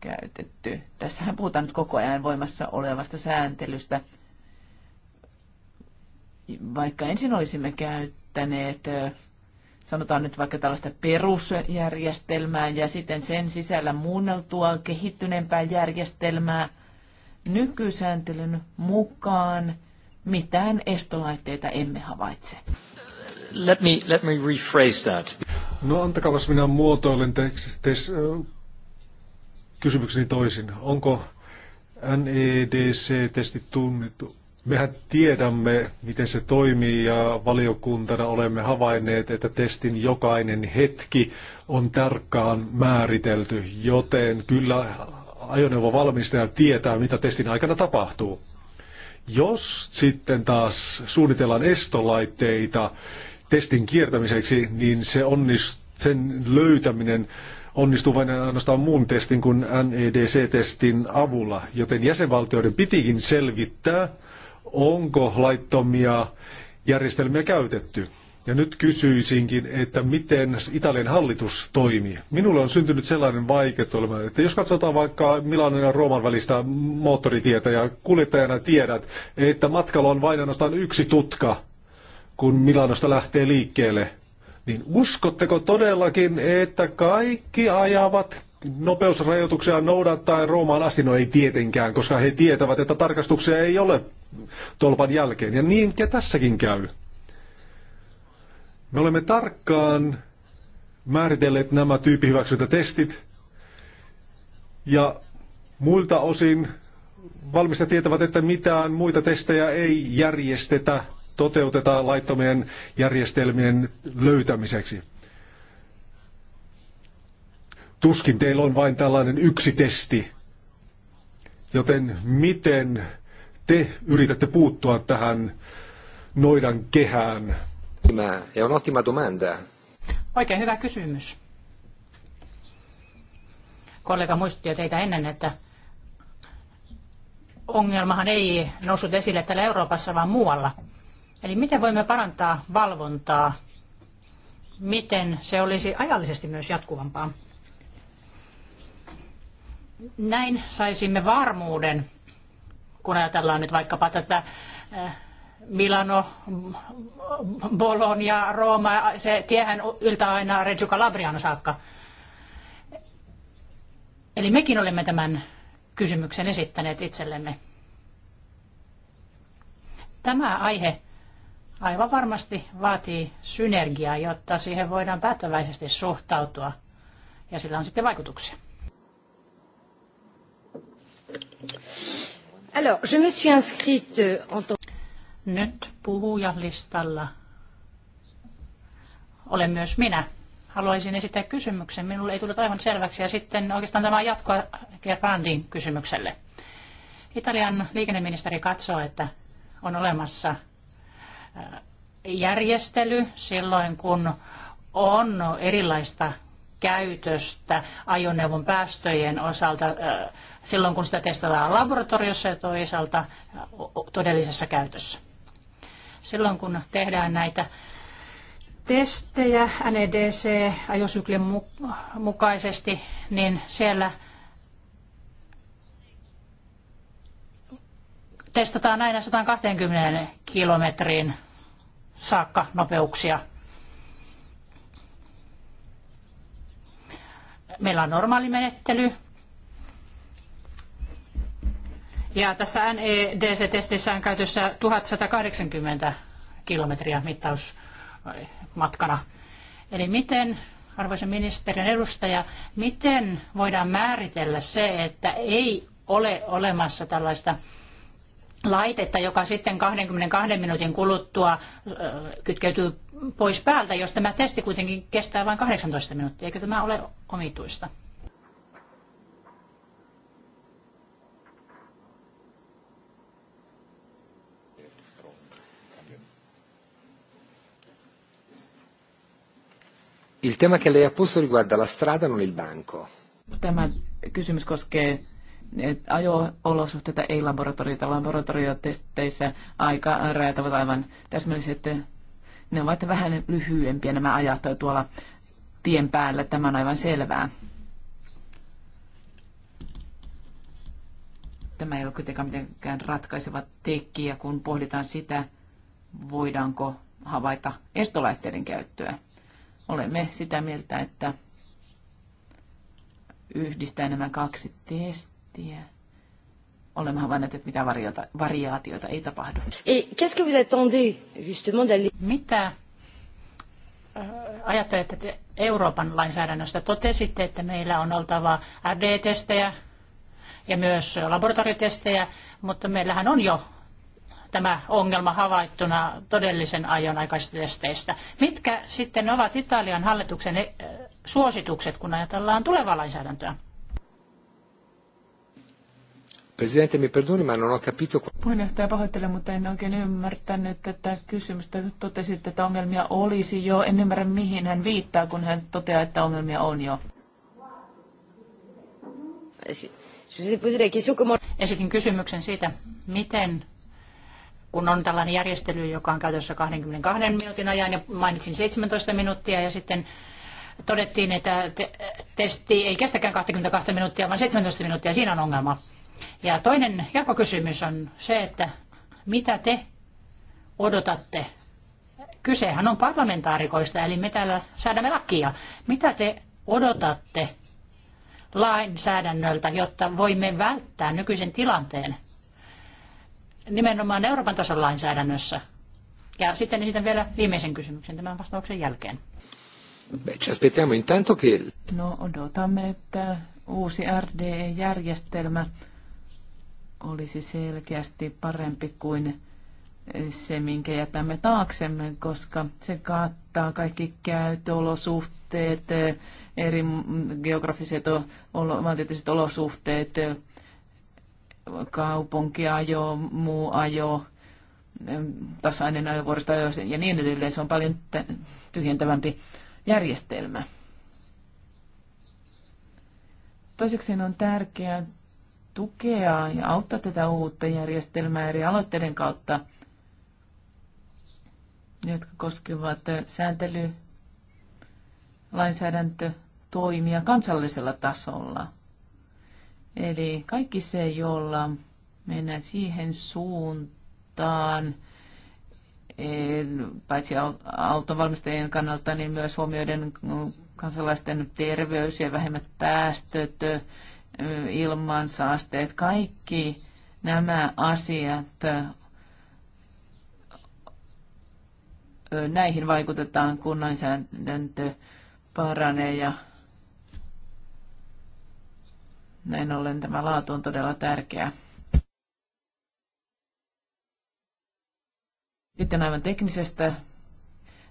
käytetty. Tässähän puhutaan nyt koko ajan voimassa olevasta sääntelystä. Vaikka ensin olisimme käyttäneet sanotaan nyt vaikka tällaista perusjärjestelmää ja sitten sen sisällä muunneltua kehittyneempää järjestelmää nykysääntelyn mukaan mitään estolaitteita emme havaitse. Let me, let me rephrase that. No antakaa minä muotoilen teks, teks, kysymykseni toisin. Onko NEDC-testit tunnettu Mehän tiedämme, miten se toimii ja valiokuntana olemme havainneet, että testin jokainen hetki on tarkkaan määritelty, joten kyllä ajoneuvovalmistaja tietää, mitä testin aikana tapahtuu. Jos sitten taas suunnitellaan estolaitteita testin kiertämiseksi, niin se onnist, sen löytäminen onnistuu vain ainoastaan muun testin kuin NEDC-testin avulla, joten jäsenvaltioiden pitikin selvittää, onko laittomia järjestelmiä käytetty. Ja nyt kysyisinkin, että miten Italian hallitus toimii. Minulle on syntynyt sellainen vaikeuttelma, että jos katsotaan vaikka Milanon ja Rooman välistä moottoritietä ja kuljettajana tiedät, että matkalla on vain ainoastaan yksi tutka, kun Milanosta lähtee liikkeelle, niin uskotteko todellakin, että kaikki ajavat nopeusrajoituksia noudattaa Roomaan asti, no ei tietenkään, koska he tietävät, että tarkastuksia ei ole tolpan jälkeen. Ja niin tässäkin käy. Me olemme tarkkaan määritelleet nämä tyyppihyväksyntätestit ja muilta osin valmista tietävät, että mitään muita testejä ei järjestetä, toteuteta laittomien järjestelmien löytämiseksi. Tuskin teillä on vain tällainen yksi testi. Joten miten te yritätte puuttua tähän noidan kehään? Tämä on ottima domanda. Oikein hyvä kysymys. Kollega muistutti jo teitä ennen, että ongelmahan ei noussut esille täällä Euroopassa, vaan muualla. Eli miten voimme parantaa valvontaa? Miten se olisi ajallisesti myös jatkuvampaa? Näin saisimme varmuuden, kun ajatellaan nyt vaikkapa tätä eh, Milano, Bologna, Rooma, se tiehän yltää aina Reggio Calabrian saakka. Eli mekin olemme tämän kysymyksen esittäneet itsellemme. Tämä aihe aivan varmasti vaatii synergiaa, jotta siihen voidaan päättäväisesti suhtautua ja sillä on sitten vaikutuksia. Alors, je me suis inscrite euh, en Nyt puhujalistalla olen myös minä. Haluaisin esittää kysymyksen. Minulle ei tullut aivan selväksi ja sitten oikeastaan tämä jatkoa Gerbrandin kysymykselle. Italian liikenneministeri katsoo, että on olemassa äh, järjestely silloin, kun on erilaista käytöstä ajoneuvon päästöjen osalta silloin, kun sitä testataan laboratoriossa ja toisaalta todellisessa käytössä. Silloin, kun tehdään näitä testejä NEDC-ajosyklin mukaisesti, niin siellä testataan aina 120 kilometriin saakka nopeuksia – Meillä on normaali menettely. Ja tässä NEDC-testissä on käytössä 1180 kilometriä mittausmatkana. Eli miten, arvoisa ministerin edustaja, miten voidaan määritellä se, että ei ole olemassa tällaista laitetta, joka sitten 22 minuutin kuluttua kytkeytyy pois päältä, jos tämä testi kuitenkin kestää vain 18 minuuttia. Eikö tämä ole omituista? Il tema che lei ha posto riguarda la strada, non il banco. Tämä kysymys koskee ajo-olosuhteita, ei laboratorioita. Laboratoriotesteissä aika ovat aivan täsmälliset. Ne ovat vähän lyhyempiä nämä ajat tuolla tien päällä. Tämä on aivan selvää. Tämä ei ole kuitenkaan mitenkään ratkaiseva tekijä, kun pohditaan sitä, voidaanko havaita estolaitteiden käyttöä. Olemme sitä mieltä, että yhdistää nämä kaksi testiä tie. Olemme havainneet, että mitään variaatioita ei tapahdu. Mitä äh, ajattelette Euroopan lainsäädännöstä? Totesitte, että meillä on oltava RD-testejä ja myös laboratoriotestejä, mutta meillähän on jo tämä ongelma havaittuna todellisen ajon aikaisista testeistä. Mitkä sitten ovat Italian hallituksen äh, suositukset, kun ajatellaan tulevaa lainsäädäntöä? Presidente, mi perdoni, ma non ho capito... Puheenjohtaja pahoittelen, mutta en oikein ymmärtänyt tätä kysymystä. Totesitte, että ongelmia olisi jo. En ymmärrä, mihin hän viittaa, kun hän toteaa, että ongelmia on jo. Esitin kysymyksen siitä, miten kun on tällainen järjestely, joka on käytössä 22 minuutin ajan ja mainitsin 17 minuuttia ja sitten todettiin, että te- testi ei kestäkään 22 minuuttia, vaan 17 minuuttia. Siinä on ongelma. Ja toinen jakokysymys on se, että mitä te odotatte? Kysehän on parlamentaarikoista, eli me täällä säädämme lakia. Mitä te odotatte lainsäädännöltä, jotta voimme välttää nykyisen tilanteen nimenomaan Euroopan tason lainsäädännössä? Ja sitten esitän vielä viimeisen kysymyksen tämän vastauksen jälkeen. No odotamme, että uusi RDE-järjestelmä olisi selkeästi parempi kuin se, minkä jätämme taaksemme, koska se kattaa kaikki käyttöolosuhteet, eri geografiset olo, olosuhteet, kaupunkiajo, muu ajo, tasainen ajovuorosta ajo ja niin edelleen. Se on paljon tyhjentävämpi järjestelmä. Toiseksi on tärkeää tukea ja auttaa tätä uutta järjestelmää eri aloitteiden kautta, jotka koskevat sääntely, toimia kansallisella tasolla. Eli kaikki se, jolla mennään siihen suuntaan, paitsi autonvalmistajien kannalta, niin myös huomioiden kansalaisten terveys ja vähemmät päästöt ilmansaasteet, kaikki nämä asiat, näihin vaikutetaan, kun paranee ja näin ollen tämä laatu on todella tärkeä. Sitten aivan teknisestä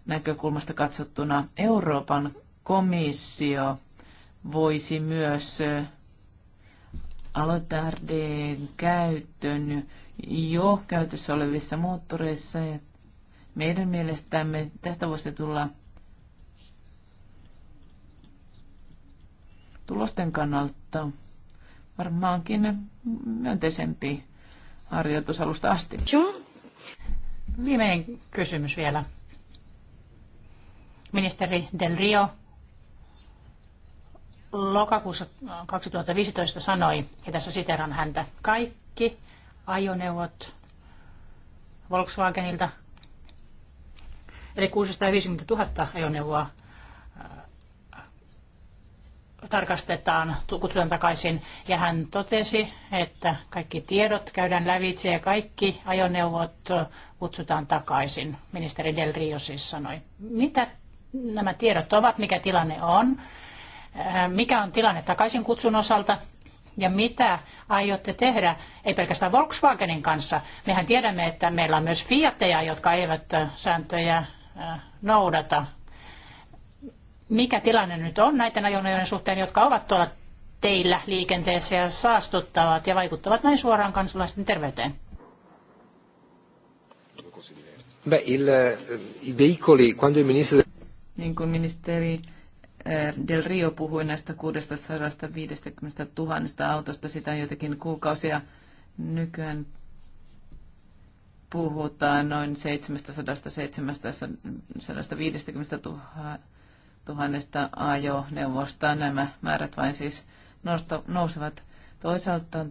näkökulmasta katsottuna Euroopan komissio voisi myös aloitardeen käytön jo käytössä olevissa moottoreissa. Meidän mielestämme tästä voisi tulla tulosten kannalta varmaankin myönteisempi harjoitus alusta asti. Joo. Viimeinen kysymys vielä. Ministeri Del Rio, lokakuussa 2015 sanoi, ja tässä siteran häntä, kaikki ajoneuvot Volkswagenilta, eli 650 000 ajoneuvoa äh, tarkastetaan, kutsutaan takaisin. Ja hän totesi, että kaikki tiedot käydään lävitse ja kaikki ajoneuvot äh, kutsutaan takaisin. Ministeri Del Rio siis sanoi. Mitä nämä tiedot ovat, mikä tilanne on? mikä on tilanne takaisinkutsun kutsun osalta ja mitä aiotte tehdä, ei pelkästään Volkswagenin kanssa. Mehän tiedämme, että meillä on myös Fiatteja, jotka eivät sääntöjä noudata. Mikä tilanne nyt on näiden ajoneuvojen suhteen, jotka ovat tuolla teillä liikenteessä ja saastuttavat ja vaikuttavat näin suoraan kansalaisten terveyteen? Beh, il, eh, i veicoli, quando il Niin kuin ministeri Eh, Del Rio puhui näistä 650 000 autosta, sitä jotenkin kuukausia nykyään puhutaan noin 700 000 ajoneuvosta. Nämä määrät vain siis nosto, nousevat. Toisaalta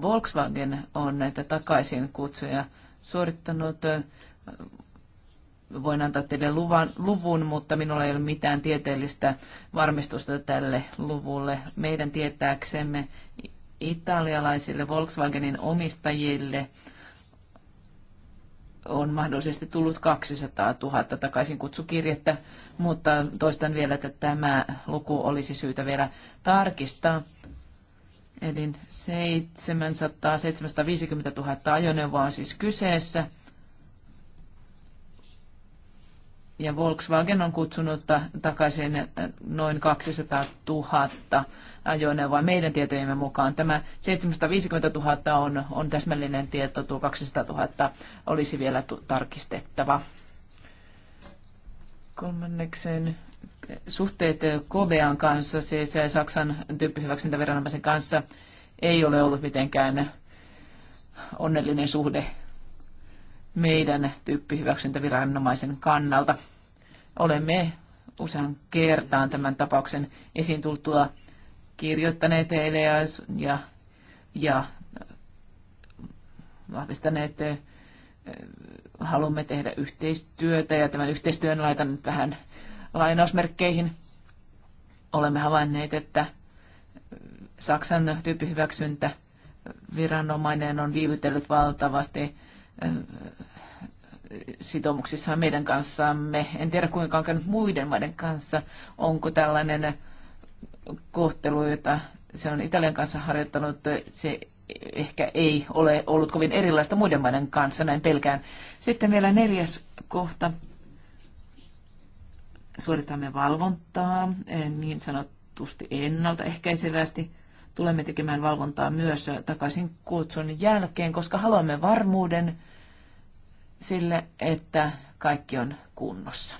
Volkswagen on näitä takaisin kutsuja suorittanut Voin antaa teille luvan, luvun, mutta minulla ei ole mitään tieteellistä varmistusta tälle luvulle. Meidän tietääksemme italialaisille Volkswagenin omistajille on mahdollisesti tullut 200 000 takaisin kutsukirjettä, mutta toistan vielä, että tämä luku olisi syytä vielä tarkistaa. Eli 700, 750 000 ajoneuvoa on siis kyseessä. Ja Volkswagen on kutsunut takaisin äh, noin 200 000 ajoneuvoa meidän tietojemme mukaan. Tämä 750 000 on, on täsmällinen tieto, tuo 200 000 olisi vielä tarkistettava. Kolmannekseen suhteet KBAn kanssa, siis Saksan tyyppihyväksyntäviranomaisen kanssa, ei ole ollut mitenkään onnellinen suhde meidän tyyppihyväksyntäviranomaisen kannalta. Olemme usean kertaan tämän tapauksen esiin tultua kirjoittaneet teille ja, ja, ja vahvistaneet, että eh, haluamme tehdä yhteistyötä ja tämän yhteistyön laitan nyt vähän lainausmerkkeihin. Olemme havainneet, että Saksan tyyppihyväksyntä viranomainen on viivytellyt valtavasti sitoumuksissaan meidän kanssamme. En tiedä kuinka on käynyt muiden maiden kanssa. Onko tällainen kohtelu, jota se on Italian kanssa harjoittanut, se ehkä ei ole ollut kovin erilaista muiden maiden kanssa, näin pelkään. Sitten vielä neljäs kohta. Suoritamme valvontaa eh, niin sanotusti ennaltaehkäisevästi tulemme tekemään valvontaa myös takaisin kutsun jälkeen, koska haluamme varmuuden sille, että kaikki on kunnossa.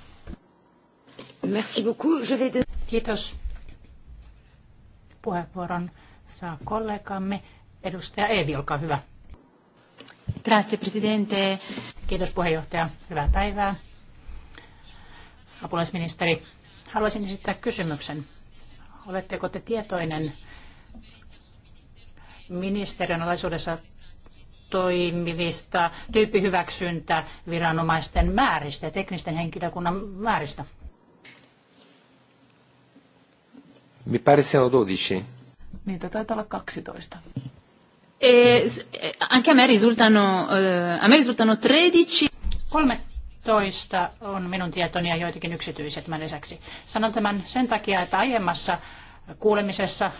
Merci beaucoup. Je vais... Kiitos. Puheenvuoron saa kollegamme. Edustaja Eevi, olkaa hyvä. Grazie, presidente. Kiitos puheenjohtaja. Hyvää päivää. Apulaisministeri, haluaisin esittää kysymyksen. Oletteko te tietoinen ministeriön alaisuudessa toimivista tyyppihyväksyntä viranomaisten määristä ja teknisten henkilökunnan määristä? Mi pare siano 12. Niitä taitaa olla 12. E, anche a me risultano, eh, a me risultano 13. 13 on minun tietoni ja joitakin yksityiset mä lisäksi. Sanon tämän sen takia, että aiemmassa kuulemisessa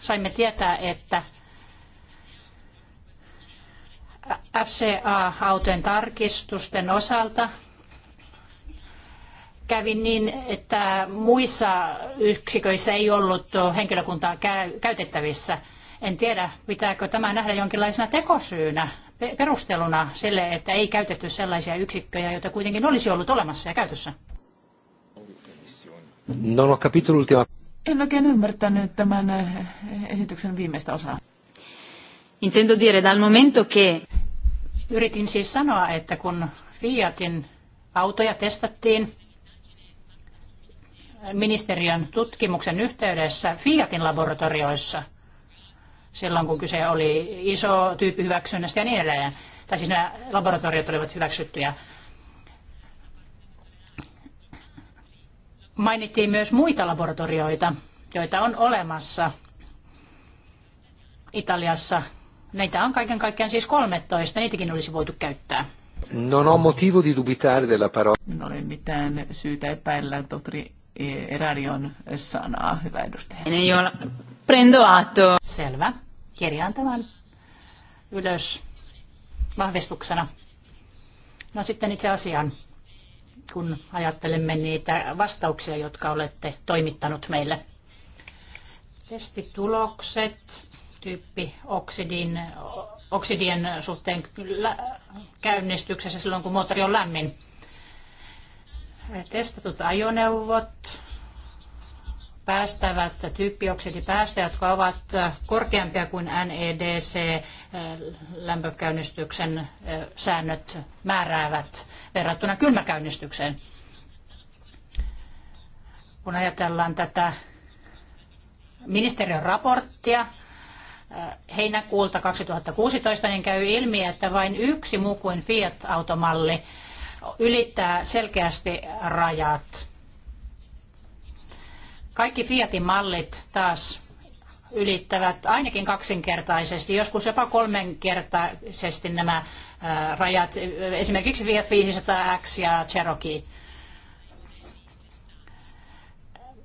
saimme tietää, että FCA-autojen tarkistusten osalta kävi niin, että muissa yksiköissä ei ollut henkilökuntaa käytettävissä. En tiedä, pitääkö tämä nähdä jonkinlaisena tekosyynä, perusteluna sille, että ei käytetty sellaisia yksikköjä, joita kuitenkin olisi ollut olemassa ja käytössä. Non ho capito l'ultima. En oikein ymmärtänyt tämän eh, esityksen viimeistä osaa. Intendo dire dal momento che... Yritin siis sanoa, että kun Fiatin autoja testattiin ministeriön tutkimuksen yhteydessä Fiatin laboratorioissa, silloin kun kyse oli iso tyyppi hyväksynnästä ja niin edelleen, tai siis nämä laboratoriot olivat hyväksyttyjä, mainittiin myös muita laboratorioita, joita on olemassa Italiassa. Näitä on kaiken kaikkiaan siis 13, niitäkin olisi voitu käyttää. Non ho motivo di dubitare della parola. No ole mitään syytä epäillä tohtori Erarion sanaa, hyvä edustaja. Ei ole. Prendo atto. Selvä. Kirjaan tämän ylös vahvistuksena. No sitten itse asiaan kun ajattelemme niitä vastauksia, jotka olette toimittanut meille. Testitulokset tyyppi oksidin, oksidien suhteen käynnistyksessä silloin, kun moottori on lämmin. Testatut ajoneuvot päästävät tyyppioksidipäästöjä, jotka ovat korkeampia kuin NEDC lämpökäynnistyksen säännöt määräävät verrattuna kylmäkäynnistykseen. Kun ajatellaan tätä ministeriön raporttia eh, heinäkuulta 2016, niin käy ilmi, että vain yksi muu kuin Fiat-automalli ylittää selkeästi rajat. Kaikki Fiatin mallit taas ylittävät ainakin kaksinkertaisesti, joskus jopa kolmenkertaisesti nämä äh, rajat, esimerkiksi Fiat 500X ja Cherokee.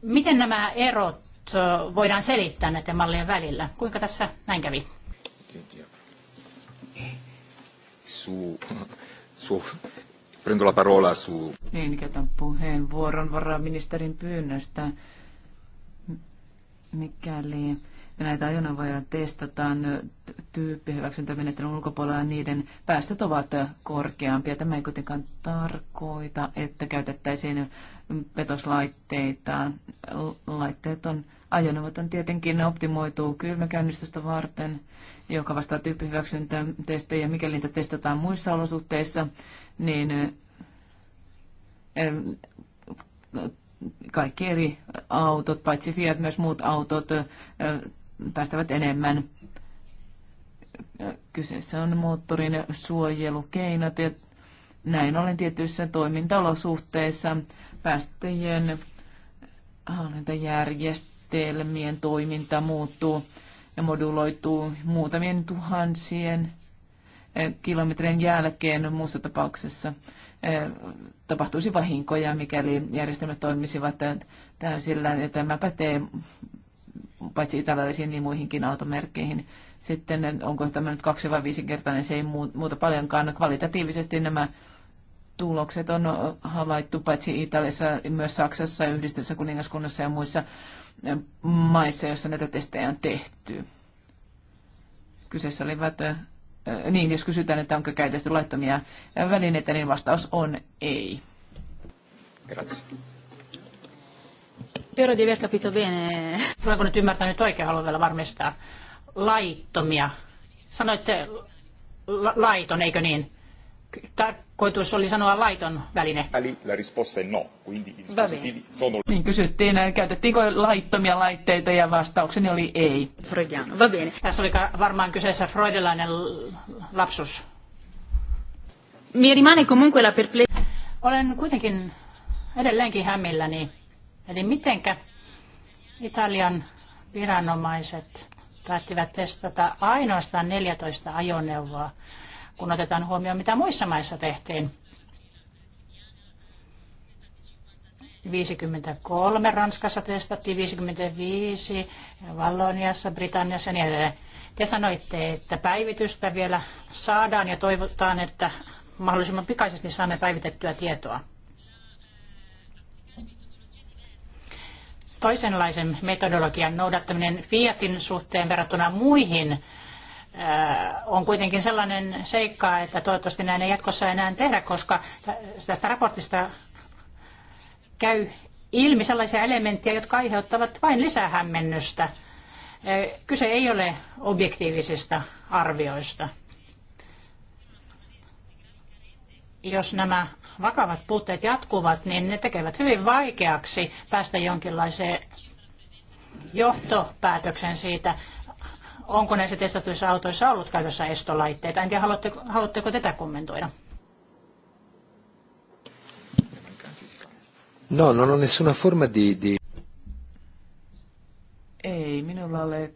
Miten nämä erot voidaan selittää näiden mallien välillä? Kuinka tässä näin kävi? Su, su, prendo la parola su... Niin, käytän puheenvuoron varaministerin pyynnöstä. Mikäli ja näitä ajoneuvoja testataan tyyppihyväksyntämenettelyn ulkopuolella ja niiden päästöt ovat korkeampia. Tämä ei kuitenkaan tarkoita, että käytettäisiin petoslaitteita. Laitteet on Ajoneuvot on tietenkin optimoitu kylmäkäynnistystä varten, joka vastaa tyyppihyväksyntätestejä. Mikäli niitä testataan muissa olosuhteissa, niin kaikki eri autot, paitsi Fiat, myös muut autot päästävät enemmän. Kyseessä on moottorin suojelukeinot ja näin ollen tietyissä toimintaolosuhteissa päästöjen hallintajärjestelmien toiminta muuttuu ja moduloituu muutamien tuhansien eh, kilometrin jälkeen muussa tapauksessa eh, tapahtuisi vahinkoja, mikäli järjestelmät toimisivat eh, täysillä. Ja tämä pätee paitsi italialaisiin, niin muihinkin automerkkeihin. Sitten onko tämä nyt kaksi vai viisinkertainen, se ei muuta paljonkaan. Kvalitatiivisesti nämä tulokset on havaittu paitsi Italiassa, myös Saksassa, Yhdistyvässä kuningaskunnassa ja muissa maissa, joissa näitä testejä on tehty. Kyseessä olivat, niin jos kysytään, että onko käytetty laittomia välineitä, niin vastaus on ei. Grazie. Spero di aver capito bene. Olenko nyt ymmärtänyt oikein, haluan vielä varmistaa. Laittomia. Sanoitte la- laiton, eikö niin? Tarkoitus oli sanoa laiton väline. Eli la risposta no, quindi sono... Niin kysyttiin, eh, käytettiinkö laittomia laitteita ja vastaukseni oli ei. Freudiano, va bene. Tässä oli varmaan kyseessä freudilainen lapsus. Mi rimane comunque la perplessità. Olen kuitenkin edelleenkin hämmilläni. Niin Eli mitenkä Italian viranomaiset päättivät testata ainoastaan 14 ajoneuvoa, kun otetaan huomioon, mitä muissa maissa tehtiin. 53 Ranskassa testattiin, 55 Valloniassa, Britanniassa ja niin edelleen. Te sanoitte, että päivitystä vielä saadaan ja toivotaan, että mahdollisimman pikaisesti saamme päivitettyä tietoa. toisenlaisen metodologian noudattaminen Fiatin suhteen verrattuna muihin äh, on kuitenkin sellainen seikka, että toivottavasti näin ei jatkossa enää tehdä, koska tästä raportista käy ilmi sellaisia elementtejä, jotka aiheuttavat vain lisää hämmennystä. Äh, kyse ei ole objektiivisista arvioista. Jos nämä vakavat puutteet jatkuvat, niin ne tekevät hyvin vaikeaksi päästä jonkinlaiseen johtopäätöksen siitä, onko näissä testatuissa autoissa ollut käytössä estolaitteita. En tiedä, haluatteko, haluatteko tätä kommentoida? No, non ho nessuna forma di, di... Ei minulla ole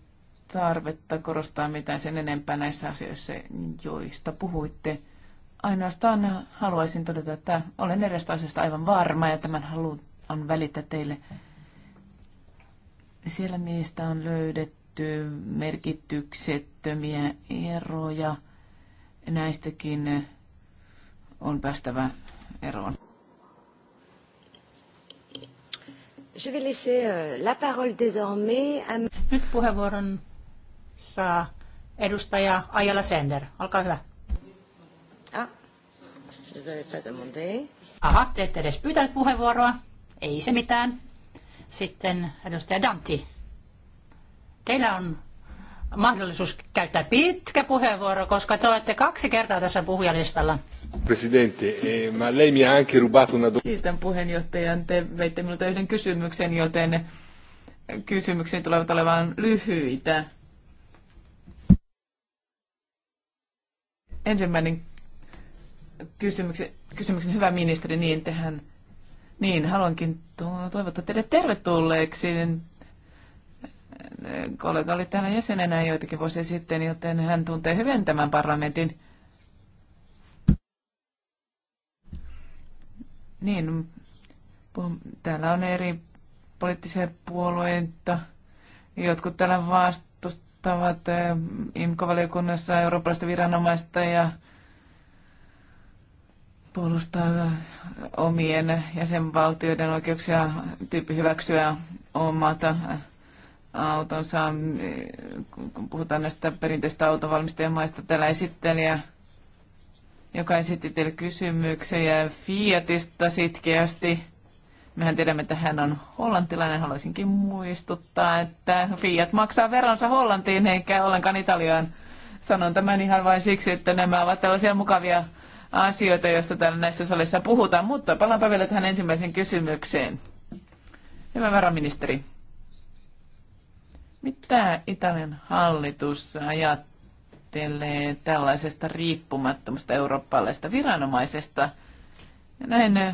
tarvetta korostaa mitään sen enempää näissä asioissa, joista puhuitte. Ainoastaan haluaisin todeta, että olen edestä asiasta aivan varma ja tämän haluan välittää teille. Siellä niistä on löydetty merkityksettömiä eroja. Näistäkin on päästävä eroon. Je vais laisser euh, la parole désormais à... Nyt puheenvuoron saa edustaja Ajala Sender. Olkaa hyvä. Aha, te ette edes pyytänyt puheenvuoroa. Ei se mitään. Sitten edustaja Dante, Teillä on mahdollisuus käyttää pitkä puheenvuoro, koska te olette kaksi kertaa tässä puhujalistalla. Presidente, eh, ma lei mi ha anche rubato una... Kiitän puheenjohtajan. Te veitte minulta yhden kysymyksen, joten kysymykseni tulevat olemaan lyhyitä. Ensimmäinen kysymyksen, kysymyksen hyvä ministeri, niin tehän, niin haluankin toivottaa teidät tervetulleeksi. Kollega oli täällä jäsenenä joitakin vuosia sitten, joten hän tuntee hyvin tämän parlamentin. Niin, täällä on eri poliittisia puolueita. Jotkut täällä vastustavat eh, IMCO-valiokunnassa eurooppalaista viranomaista ja puolustaa omien jäsenvaltioiden oikeuksia tyyppi hyväksyä omat autonsa. Kun puhutaan näistä perinteistä autovalmistajamaista, täällä esittelijä, joka esitti teille ja Fiatista sitkeästi. Mehän tiedämme, että hän on hollantilainen. Haluaisinkin muistuttaa, että Fiat maksaa veronsa Hollantiin eikä ollenkaan Italiaan. Sanon tämän ihan vain siksi, että nämä ovat tällaisia mukavia asioita, joista täällä näissä salissa puhutaan, mutta palaanpa vielä tähän ensimmäiseen kysymykseen. Hyvä varaministeri, mitä Italian hallitus ajattelee tällaisesta riippumattomasta eurooppalaisesta viranomaisesta? Näin eh,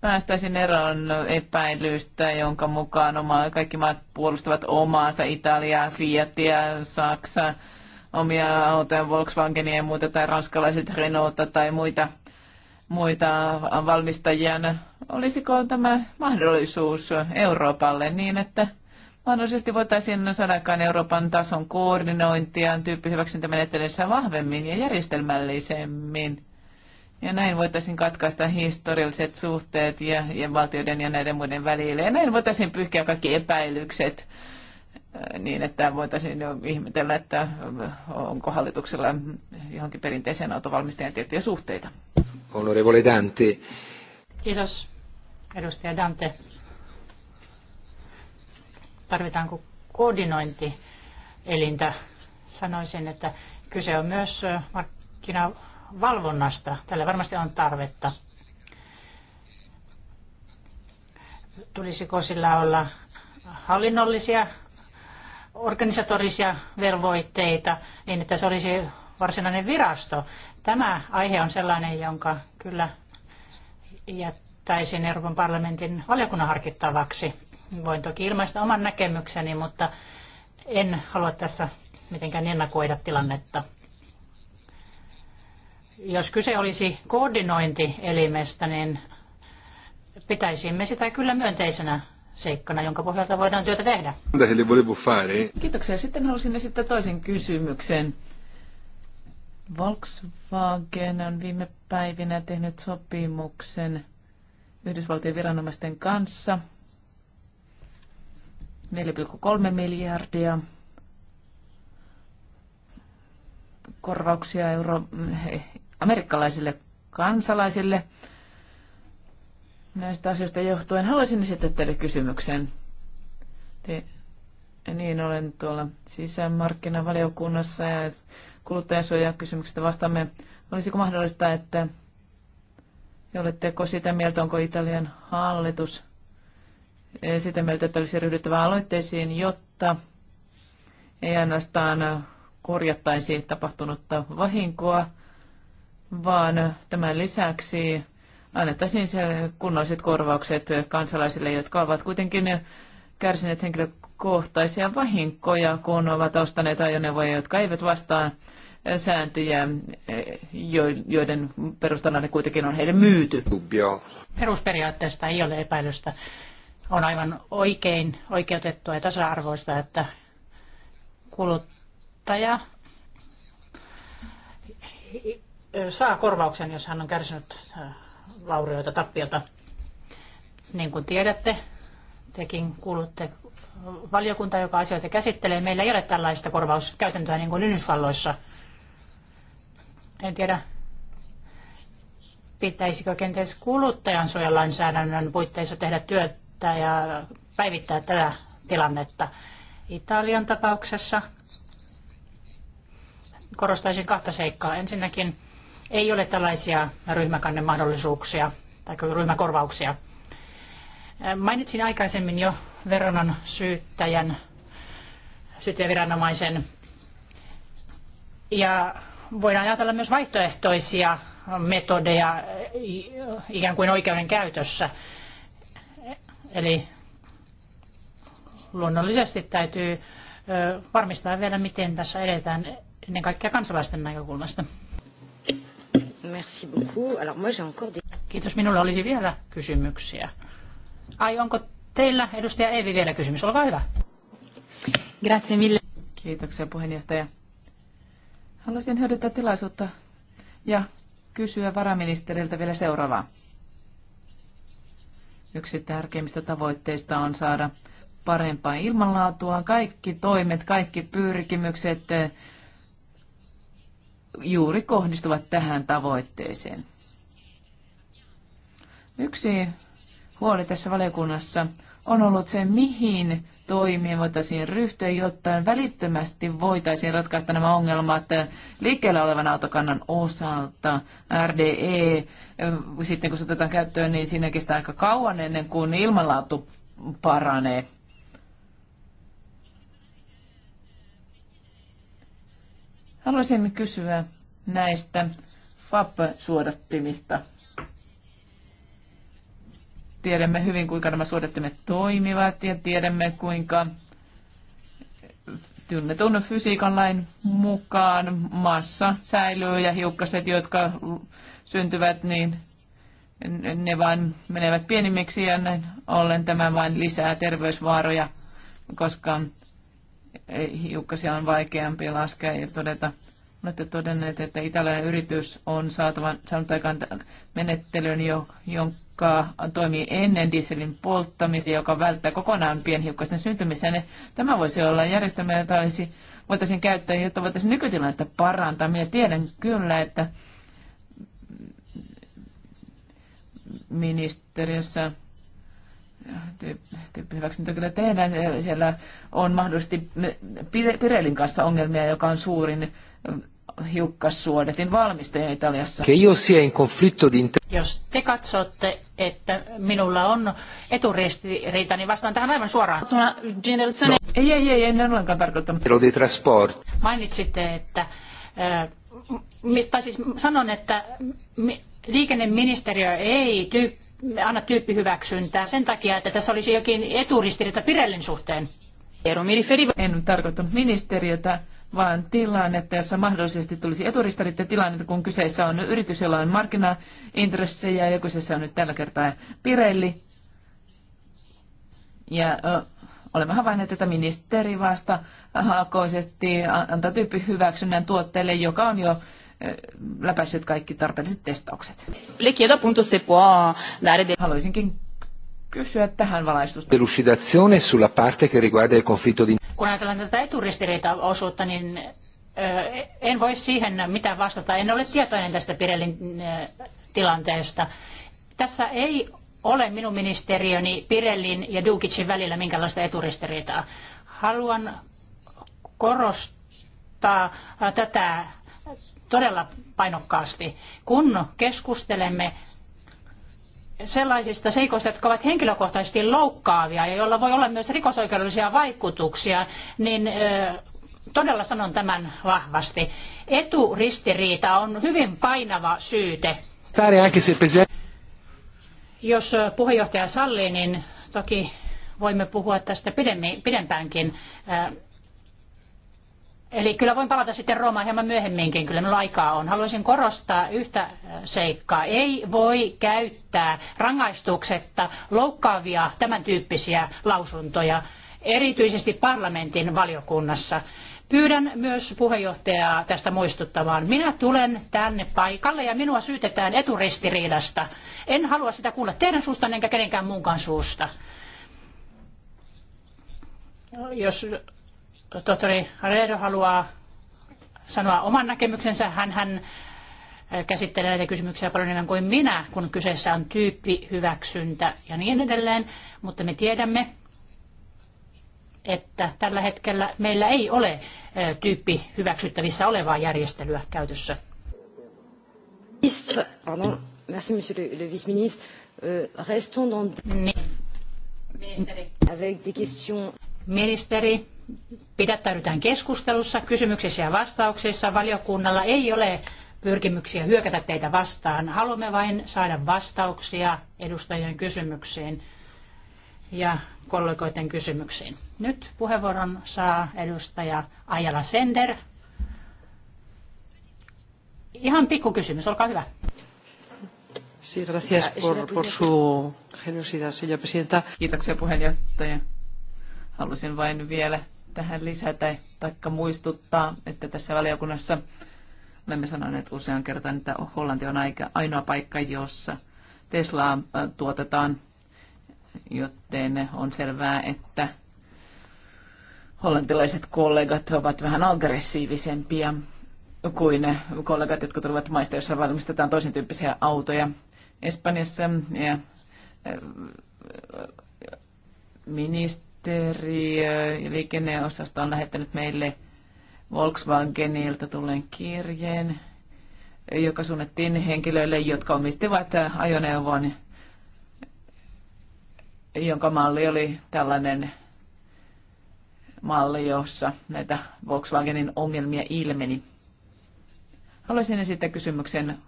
päästäisin eroon epäilystä, jonka mukaan oma, kaikki maat puolustavat omaansa, Italiaa, Fiatia, Saksa, omia autoja, Volkswagenia ja muuta, tai ranskalaiset Renaulta tai muita, muita valmistajia. Olisiko tämä mahdollisuus Euroopalle niin, että mahdollisesti voitaisiin saada Euroopan tason koordinointia tyyppihyväksyntämenettelyssä vahvemmin ja järjestelmällisemmin? Ja näin voitaisiin katkaista historialliset suhteet ja, ja valtioiden ja näiden muiden välillä. Ja näin voitaisiin pyyhkiä kaikki epäilykset niin, että voitaisiin jo ihmetellä, että onko hallituksella johonkin perinteiseen autovalmistajan tiettyjä suhteita. Honorevole Dante. Kiitos, edustaja Dante. Tarvitaanko koordinointi elintä? Sanoisin, että kyse on myös markkinavalvonnasta. Tälle varmasti on tarvetta. Tulisiko sillä olla hallinnollisia organisatorisia velvoitteita, niin että se olisi varsinainen virasto. Tämä aihe on sellainen, jonka kyllä jättäisin Euroopan parlamentin valiokunnan harkittavaksi. Voin toki ilmaista oman näkemykseni, mutta en halua tässä mitenkään ennakoida tilannetta. Jos kyse olisi koordinointielimestä, niin pitäisimme sitä kyllä myönteisenä seikkana, jonka pohjalta voidaan työtä tehdä. Kiitoksia. Sitten haluaisin esittää toisen kysymyksen. Volkswagen on viime päivinä tehnyt sopimuksen Yhdysvaltojen viranomaisten kanssa 4,3 miljardia korvauksia euro eh, amerikkalaisille kansalaisille näistä asioista johtuen haluaisin esittää teille kysymyksen. Te, niin, olen tuolla sisämarkkinavaliokunnassa ja kuluttajansuojakysymyksistä vastaamme. Olisiko mahdollista, että oletteko sitä mieltä, onko Italian hallitus e, sitä mieltä, että olisi ryhdyttävä aloitteisiin, jotta ei ainoastaan korjattaisi tapahtunutta vahinkoa, vaan tämän lisäksi annettaisiin kunnolliset korvaukset kansalaisille, jotka ovat kuitenkin kärsineet henkilökohtaisia vahinkoja, kun ovat ostaneet ajoneuvoja, jotka eivät vastaa sääntöjä, joiden perustana ne kuitenkin on heille myyty. Perusperiaatteesta ei ole epäilystä. On aivan oikein oikeutettua ja tasa-arvoista, että kuluttaja saa korvauksen, jos hän on kärsinyt äh, vaurioita, tappiota. Niin kuin tiedätte, tekin kuulutte valiokunta, joka asioita käsittelee. Meillä ei ole tällaista korvauskäytäntöä niin kuin Yhdysvalloissa. En tiedä, pitäisikö kenties kuluttajansuojalainsäädännön puitteissa tehdä työtä ja päivittää tätä tilannetta. Italian tapauksessa korostaisin kahta seikkaa. Ensinnäkin ei ole tällaisia ryhmäkannemahdollisuuksia tai ryhmäkorvauksia. Mainitsin aikaisemmin jo veronan syyttäjän, syyttäjäviranomaisen. Ja voidaan ajatella myös vaihtoehtoisia metodeja ikään kuin oikeuden käytössä. Eli luonnollisesti täytyy varmistaa vielä, miten tässä edetään ennen kaikkea kansalaisten näkökulmasta. Merci beaucoup. Alors moi j'ai encore des... Kiitos. Minulla olisi vielä kysymyksiä. Ai onko teillä, edustaja Eevi, vielä kysymys? Olkaa hyvä. Grazie mille. Kiitoksia puheenjohtaja. Haluaisin hyödyntää tilaisuutta ja kysyä varaministeriltä vielä seuraavaa. Yksi tärkeimmistä tavoitteista on saada parempaa ilmanlaatua. Kaikki toimet, kaikki pyrkimykset juuri kohdistuvat tähän tavoitteeseen. Yksi huoli tässä valiokunnassa on ollut se, mihin toimiin voitaisiin ryhtyä, jotta välittömästi voitaisiin ratkaista nämä ongelmat liikkeellä olevan autokannan osalta. RDE, sitten kun se otetaan käyttöön, niin siinä kestää aika kauan ennen kuin ilmanlaatu paranee. Haluaisin kysyä näistä FAP-suodattimista. Tiedämme hyvin, kuinka nämä suodattimet toimivat ja tiedämme, kuinka tunnetun fysiikan lain mukaan massa säilyy ja hiukkaset, jotka syntyvät, niin ne vain menevät pienimmiksi ja näin ollen tämä vain lisää terveysvaaroja, koska hiukkasia on vaikeampi laskea ja todeta. Olette todenneet, että italialainen yritys on saatava, saanut aikaan menettelyn, jo, jonka toimii ennen dieselin polttamista, joka välttää kokonaan pienhiukkasten syntymisen. Tämä voisi olla järjestelmä, jota olisi, voitaisiin käyttää, jotta voitaisiin nykytilannetta parantaa. Minä tiedän kyllä, että ministeriössä tyyppihyväksyntä kyllä tehdään. Siellä on mahdollisesti Pirelin kanssa ongelmia, joka on suurin hiukkassuodetin valmistaja Italiassa. Jos te katsotte, että minulla on eturistiriita, niin vastaan tähän aivan suoraan. No. Ei, ei, ei, en ollenkaan tarkoittanut. Mainitsitte, että tai siis sanon, että liikenneministeriö ei tyyppi anna tyyppihyväksyntää sen takia, että tässä olisi jokin eturistiriita Pirellin suhteen? En tarkoittanut ministeriötä, vaan tilannetta, jossa mahdollisesti tulisi eturistiriita tilannetta, kun kyseessä on yritys, jolla on markkinaintressejä ja kyseessä on nyt tällä kertaa Pirelli. Ja olemme havainneet, että ministeri vasta hakoisesti antaa tyyppihyväksynnän tuotteelle, joka on jo Eh, läpäissyt kaikki tarpeelliset testaukset. Haluaisinkin kysyä tähän valaistusta. Lucidazione sulla parte che riguarda il conflitto di... Kun ajatellaan tätä osuutta, niin eh, en voi siihen mitään vastata. En ole tietoinen tästä pirellin eh, tilanteesta. Tässä ei ole minun ministeriöni Pirellin ja Dukicin välillä minkälaista eturistiriitaa. Haluan korostaa tätä todella painokkaasti, kun keskustelemme sellaisista seikoista, jotka ovat henkilökohtaisesti loukkaavia ja joilla voi olla myös rikosoikeudellisia vaikutuksia, niin todella sanon tämän vahvasti. Eturistiriita on hyvin painava syyte. Jos puheenjohtaja sallii, niin toki voimme puhua tästä pidempäänkin. Eli kyllä voin palata sitten Roomaan hieman myöhemminkin, kyllä minulla aikaa on. Haluaisin korostaa yhtä seikkaa. Ei voi käyttää rangaistuksetta loukkaavia tämän tyyppisiä lausuntoja, erityisesti parlamentin valiokunnassa. Pyydän myös puheenjohtajaa tästä muistuttamaan. Minä tulen tänne paikalle ja minua syytetään eturistiriidasta. En halua sitä kuulla teidän suustanne enkä kenenkään muunkaan suusta jos tohtori Redo haluaa sanoa oman näkemyksensä. Hän, hän eh, käsittelee näitä kysymyksiä paljon enemmän kuin minä, kun kyseessä on tyyppihyväksyntä ja niin edelleen. Mutta me tiedämme, että tällä hetkellä meillä ei ole eh, tyyppi hyväksyttävissä olevaa järjestelyä käytössä. Pardon. Merci, monsieur le, le vice-ministre. Euh, restons dans... Ministeri. Avec des questions... Ministeri, pidättäydytään keskustelussa, kysymyksissä ja vastauksissa. Valiokunnalla ei ole pyrkimyksiä hyökätä teitä vastaan. Haluamme vain saada vastauksia edustajien kysymyksiin ja kollegoiden kysymyksiin. Nyt puheenvuoron saa edustaja Ajala Sender. Ihan pikku kysymys, olkaa hyvä. Sí, gracias por, por su generosidad, señora presidenta. Kiitoksia puheenjohtaja. Halusin vain vielä tähän lisätä tai muistuttaa, että tässä valiokunnassa olemme sanoneet usean kertaan, että Hollanti on aika, ainoa paikka, jossa Teslaa äh, tuotetaan, joten on selvää, että hollantilaiset kollegat ovat vähän aggressiivisempia kuin ne kollegat, jotka tulevat maista, joissa valmistetaan toisen tyyppisiä autoja. Espanjassa ja ja äh, Petteri äh, liikenneosasto on lähettänyt meille Volkswagenilta tulleen kirjeen, joka suunnattiin henkilöille, jotka omistivat äh, ajoneuvon, jonka malli oli tällainen malli, jossa näitä Volkswagenin ongelmia ilmeni. Haluaisin esittää kysymyksen,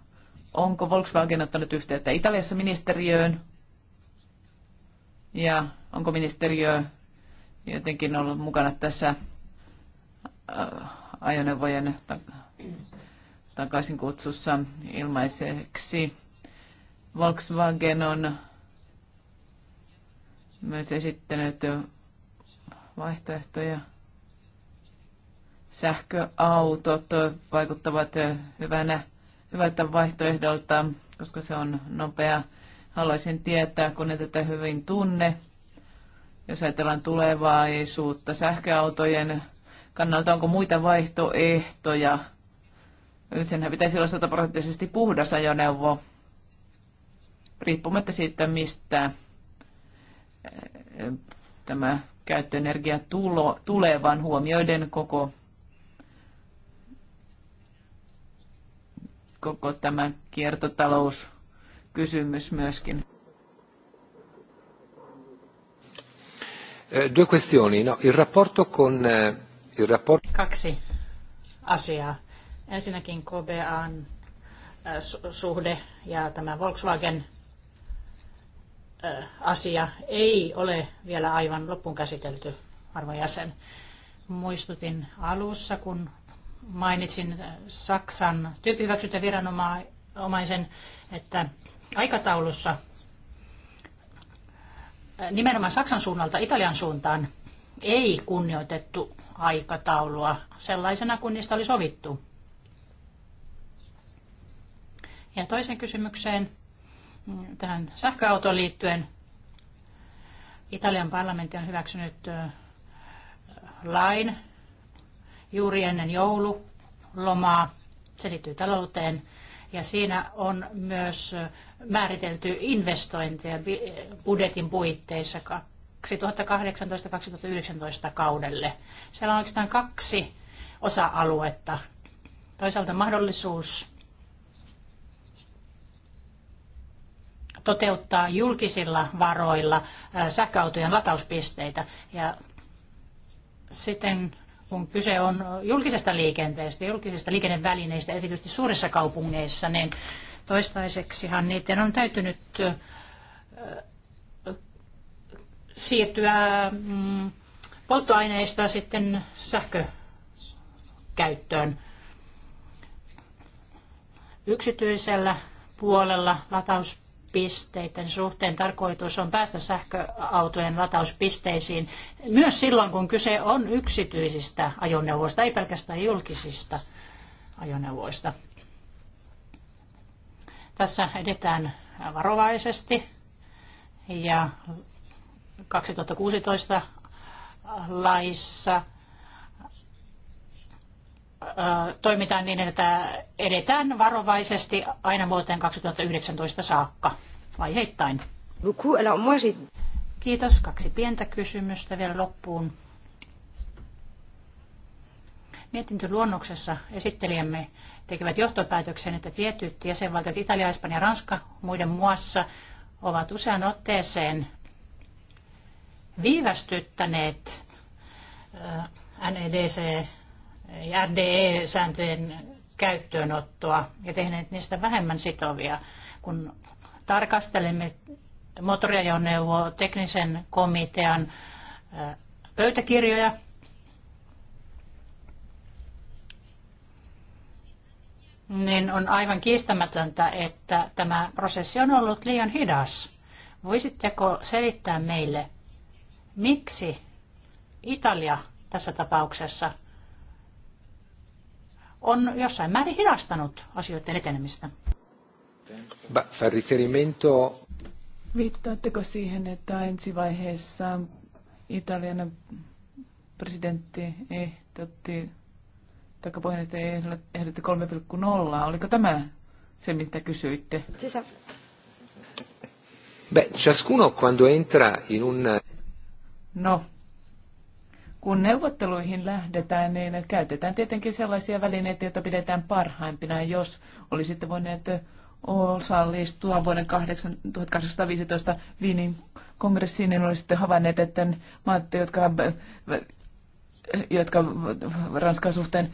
onko Volkswagen ottanut yhteyttä Italiassa ministeriöön ja onko ministeriö jotenkin ollut mukana tässä äh, ajoneuvojen takaisin kutsussa ilmaiseksi. Volkswagen on myös esittänyt vaihtoehtoja. Sähköautot vaikuttavat hyvänä, hyvältä vaihtoehdolta, koska se on nopea. Haluaisin tietää, kun en tätä hyvin tunne, jos ajatellaan tulevaisuutta sähköautojen kannalta, onko muita vaihtoehtoja? Senhän pitäisi olla sataprosenttisesti puhdas ajoneuvo, riippumatta siitä, mistä eh, tämä käyttöenergia tulo, tulee, vaan huomioiden koko, koko tämä kiertotalouskysymys myöskin. Eh, due questioni. No, il rapporto con... Eh, il rapporto... Kaksi asiaa. Ensinnäkin KBAn eh, suhde ja tämä Volkswagen asia ei ole vielä aivan loppuun käsitelty, arvon jäsen. Muistutin alussa, kun mainitsin Saksan tyyppihyväksyntäviranomaisen, että aikataulussa Äh, nimenomaan Saksan suunnalta Italian suuntaan ei kunnioitettu aikataulua sellaisena kuin niistä oli sovittu. Ja toisen kysymykseen mm, tähän sähköautoon liittyen. Italian parlamentti on hyväksynyt lain juuri ennen joululomaa. Se liittyy talouteen ja siinä on myös määritelty investointeja budjetin puitteissa 2018-2019 kaudelle. Siellä on oikeastaan kaksi osa-aluetta. Toisaalta mahdollisuus toteuttaa julkisilla varoilla sähköautojen latauspisteitä ja sitten kun kyse on julkisesta liikenteestä, julkisista liikennevälineistä, erityisesti suurissa kaupungeissa, niin toistaiseksihan niiden on täytynyt siirtyä mm, polttoaineista sitten sähkökäyttöön. Yksityisellä puolella lataus latauspisteiden suhteen tarkoitus on päästä sähköautojen latauspisteisiin myös silloin, kun kyse on yksityisistä ajoneuvoista, ei pelkästään julkisista ajoneuvoista. Tässä edetään varovaisesti ja 2016 laissa toimitaan niin, että edetään varovaisesti aina vuoteen 2019 saakka vaiheittain. Kiitos. Kaksi pientä kysymystä vielä loppuun. Mietintöluonnoksessa esittelijämme tekevät johtopäätöksen, että tietyt jäsenvaltiot Italia, Espanja ja Ranska muiden muassa ovat usean otteeseen viivästyttäneet NEDC RDE-sääntöjen käyttöönottoa ja tehneet niistä vähemmän sitovia. Kun tarkastelemme motoriajoneuvo teknisen komitean pöytäkirjoja, niin on aivan kiistämätöntä, että tämä prosessi on ollut liian hidas. Voisitteko selittää meille, miksi Italia tässä tapauksessa – on jossain määrin hidastanut asioiden etenemistä. Viittaatteko siihen, että ensivaiheessa Italian presidentti ehdotti, tai puheenjohtaja ehdotti 3,0. Oliko tämä se, mitä kysyitte? Sisä. Beh, ciascuno quando entra in un... No, kun neuvotteluihin lähdetään, niin käytetään tietenkin sellaisia välineitä, joita pidetään parhaimpina. Jos olisitte voineet osallistua vuoden 1815 Viinin kongressiin, niin olisitte havainneet, että maat, jotka jotka Ranskan suhteen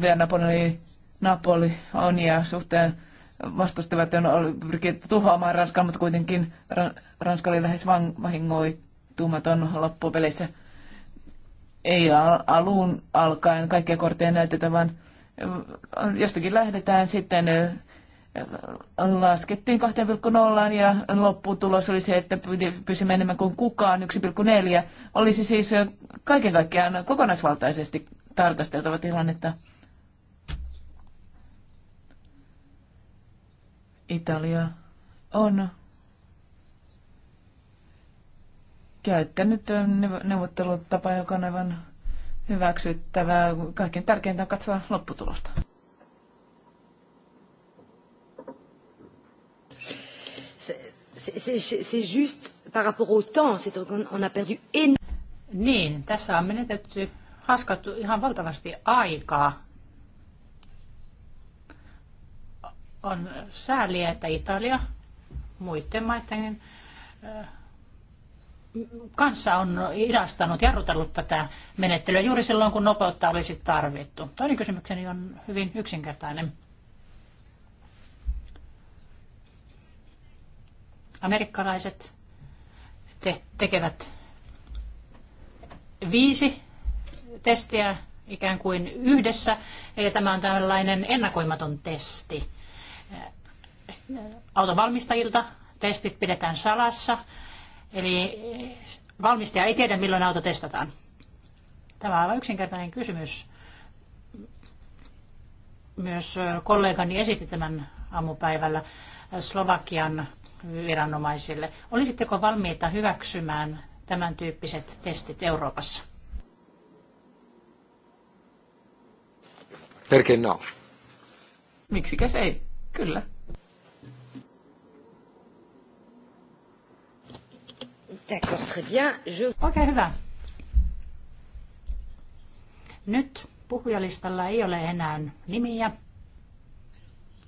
vielä eh, Napoli, Napoli on ja suhteen vastustivat ja pyrkivät tuhoamaan Ranskaa, mutta kuitenkin Ranska oli lähes vahingoittumaton loppupeleissä ei alun alkaen kaikkia kortteja näytetä, vaan jostakin lähdetään sitten laskettiin 2,0 ja lopputulos oli se, että pysymme enemmän kuin kukaan, 1,4. Olisi siis kaiken kaikkiaan kokonaisvaltaisesti tarkasteltava tilannetta. Italia on käyttänyt neuvottelutapa, joka on aivan hyväksyttävää. Kaikkein tärkeintä on katsoa lopputulosta. C'est juste par rapport au temps, c'est on a perdu Niin, tässä on menetetty, haskattu ihan valtavasti aikaa. On sääliä, että Italia muiden maiden kanssa on idastanut, jarrutellut tätä menettelyä juuri silloin, kun nopeutta olisi tarvittu? Toinen kysymykseni on hyvin yksinkertainen. Amerikkalaiset te- tekevät viisi testiä ikään kuin yhdessä, ja tämä on tällainen ennakoimaton testi. Autovalmistajilta valmistajilta testit pidetään salassa, Eli valmistaja ei tiedä, milloin auto testataan. Tämä on aivan yksinkertainen kysymys. Myös kollegani esitti tämän aamupäivällä Slovakian viranomaisille. Olisitteko valmiita hyväksymään tämän tyyppiset testit Euroopassa? Perkein no. Miksikäs ei? Kyllä. D'accord, très bien. Je... Oikein hyvä. Nyt puhujalistalla ei ole enää nimiä.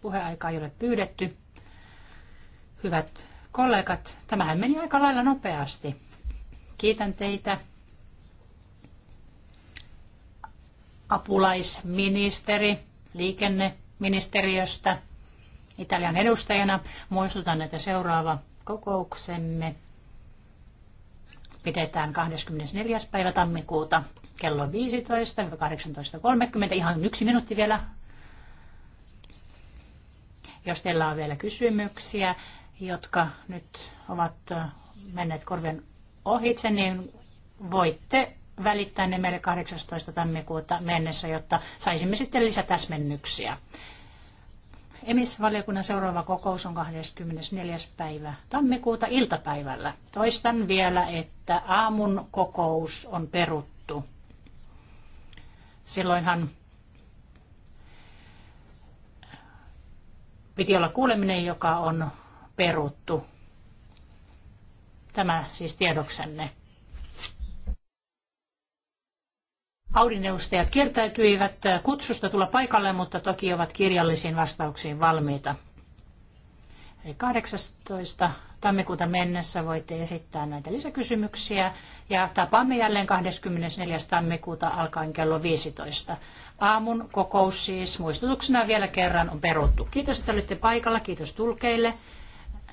Puheaika ei ole pyydetty. Hyvät kollegat, tämähän meni aika lailla nopeasti. Kiitän teitä apulaisministeri liikenneministeriöstä Italian edustajana. Muistutan, että seuraava kokouksemme pidetään 24. päivä tammikuuta kello 15-18.30. Ihan yksi minuutti vielä. Jos teillä on vielä kysymyksiä, jotka nyt ovat äh, menneet korven ohitse, niin voitte välittää ne meille 18. tammikuuta mennessä, jotta saisimme sitten lisätäsmennyksiä. Emisvaliokunnan seuraava kokous on 24. päivä tammikuuta iltapäivällä. Toistan vielä, että aamun kokous on peruttu. Silloinhan piti olla kuuleminen, joka on peruttu. Tämä siis tiedoksenne. Audinneuvostajat kiertäytyivät kutsusta tulla paikalle, mutta toki ovat kirjallisiin vastauksiin valmiita. Eli 18. tammikuuta mennessä voitte esittää näitä lisäkysymyksiä ja tapaamme jälleen 24. tammikuuta alkaen kello 15. Aamun kokous siis muistutuksena vielä kerran on peruttu. Kiitos, että olitte paikalla. Kiitos tulkeille.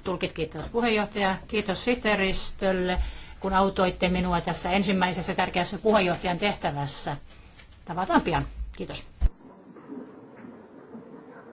Tulkit kiitos puheenjohtaja. Kiitos siteristölle kun autoitte minua tässä ensimmäisessä tärkeässä puheenjohtajan tehtävässä. Tavataan pian. Kiitos.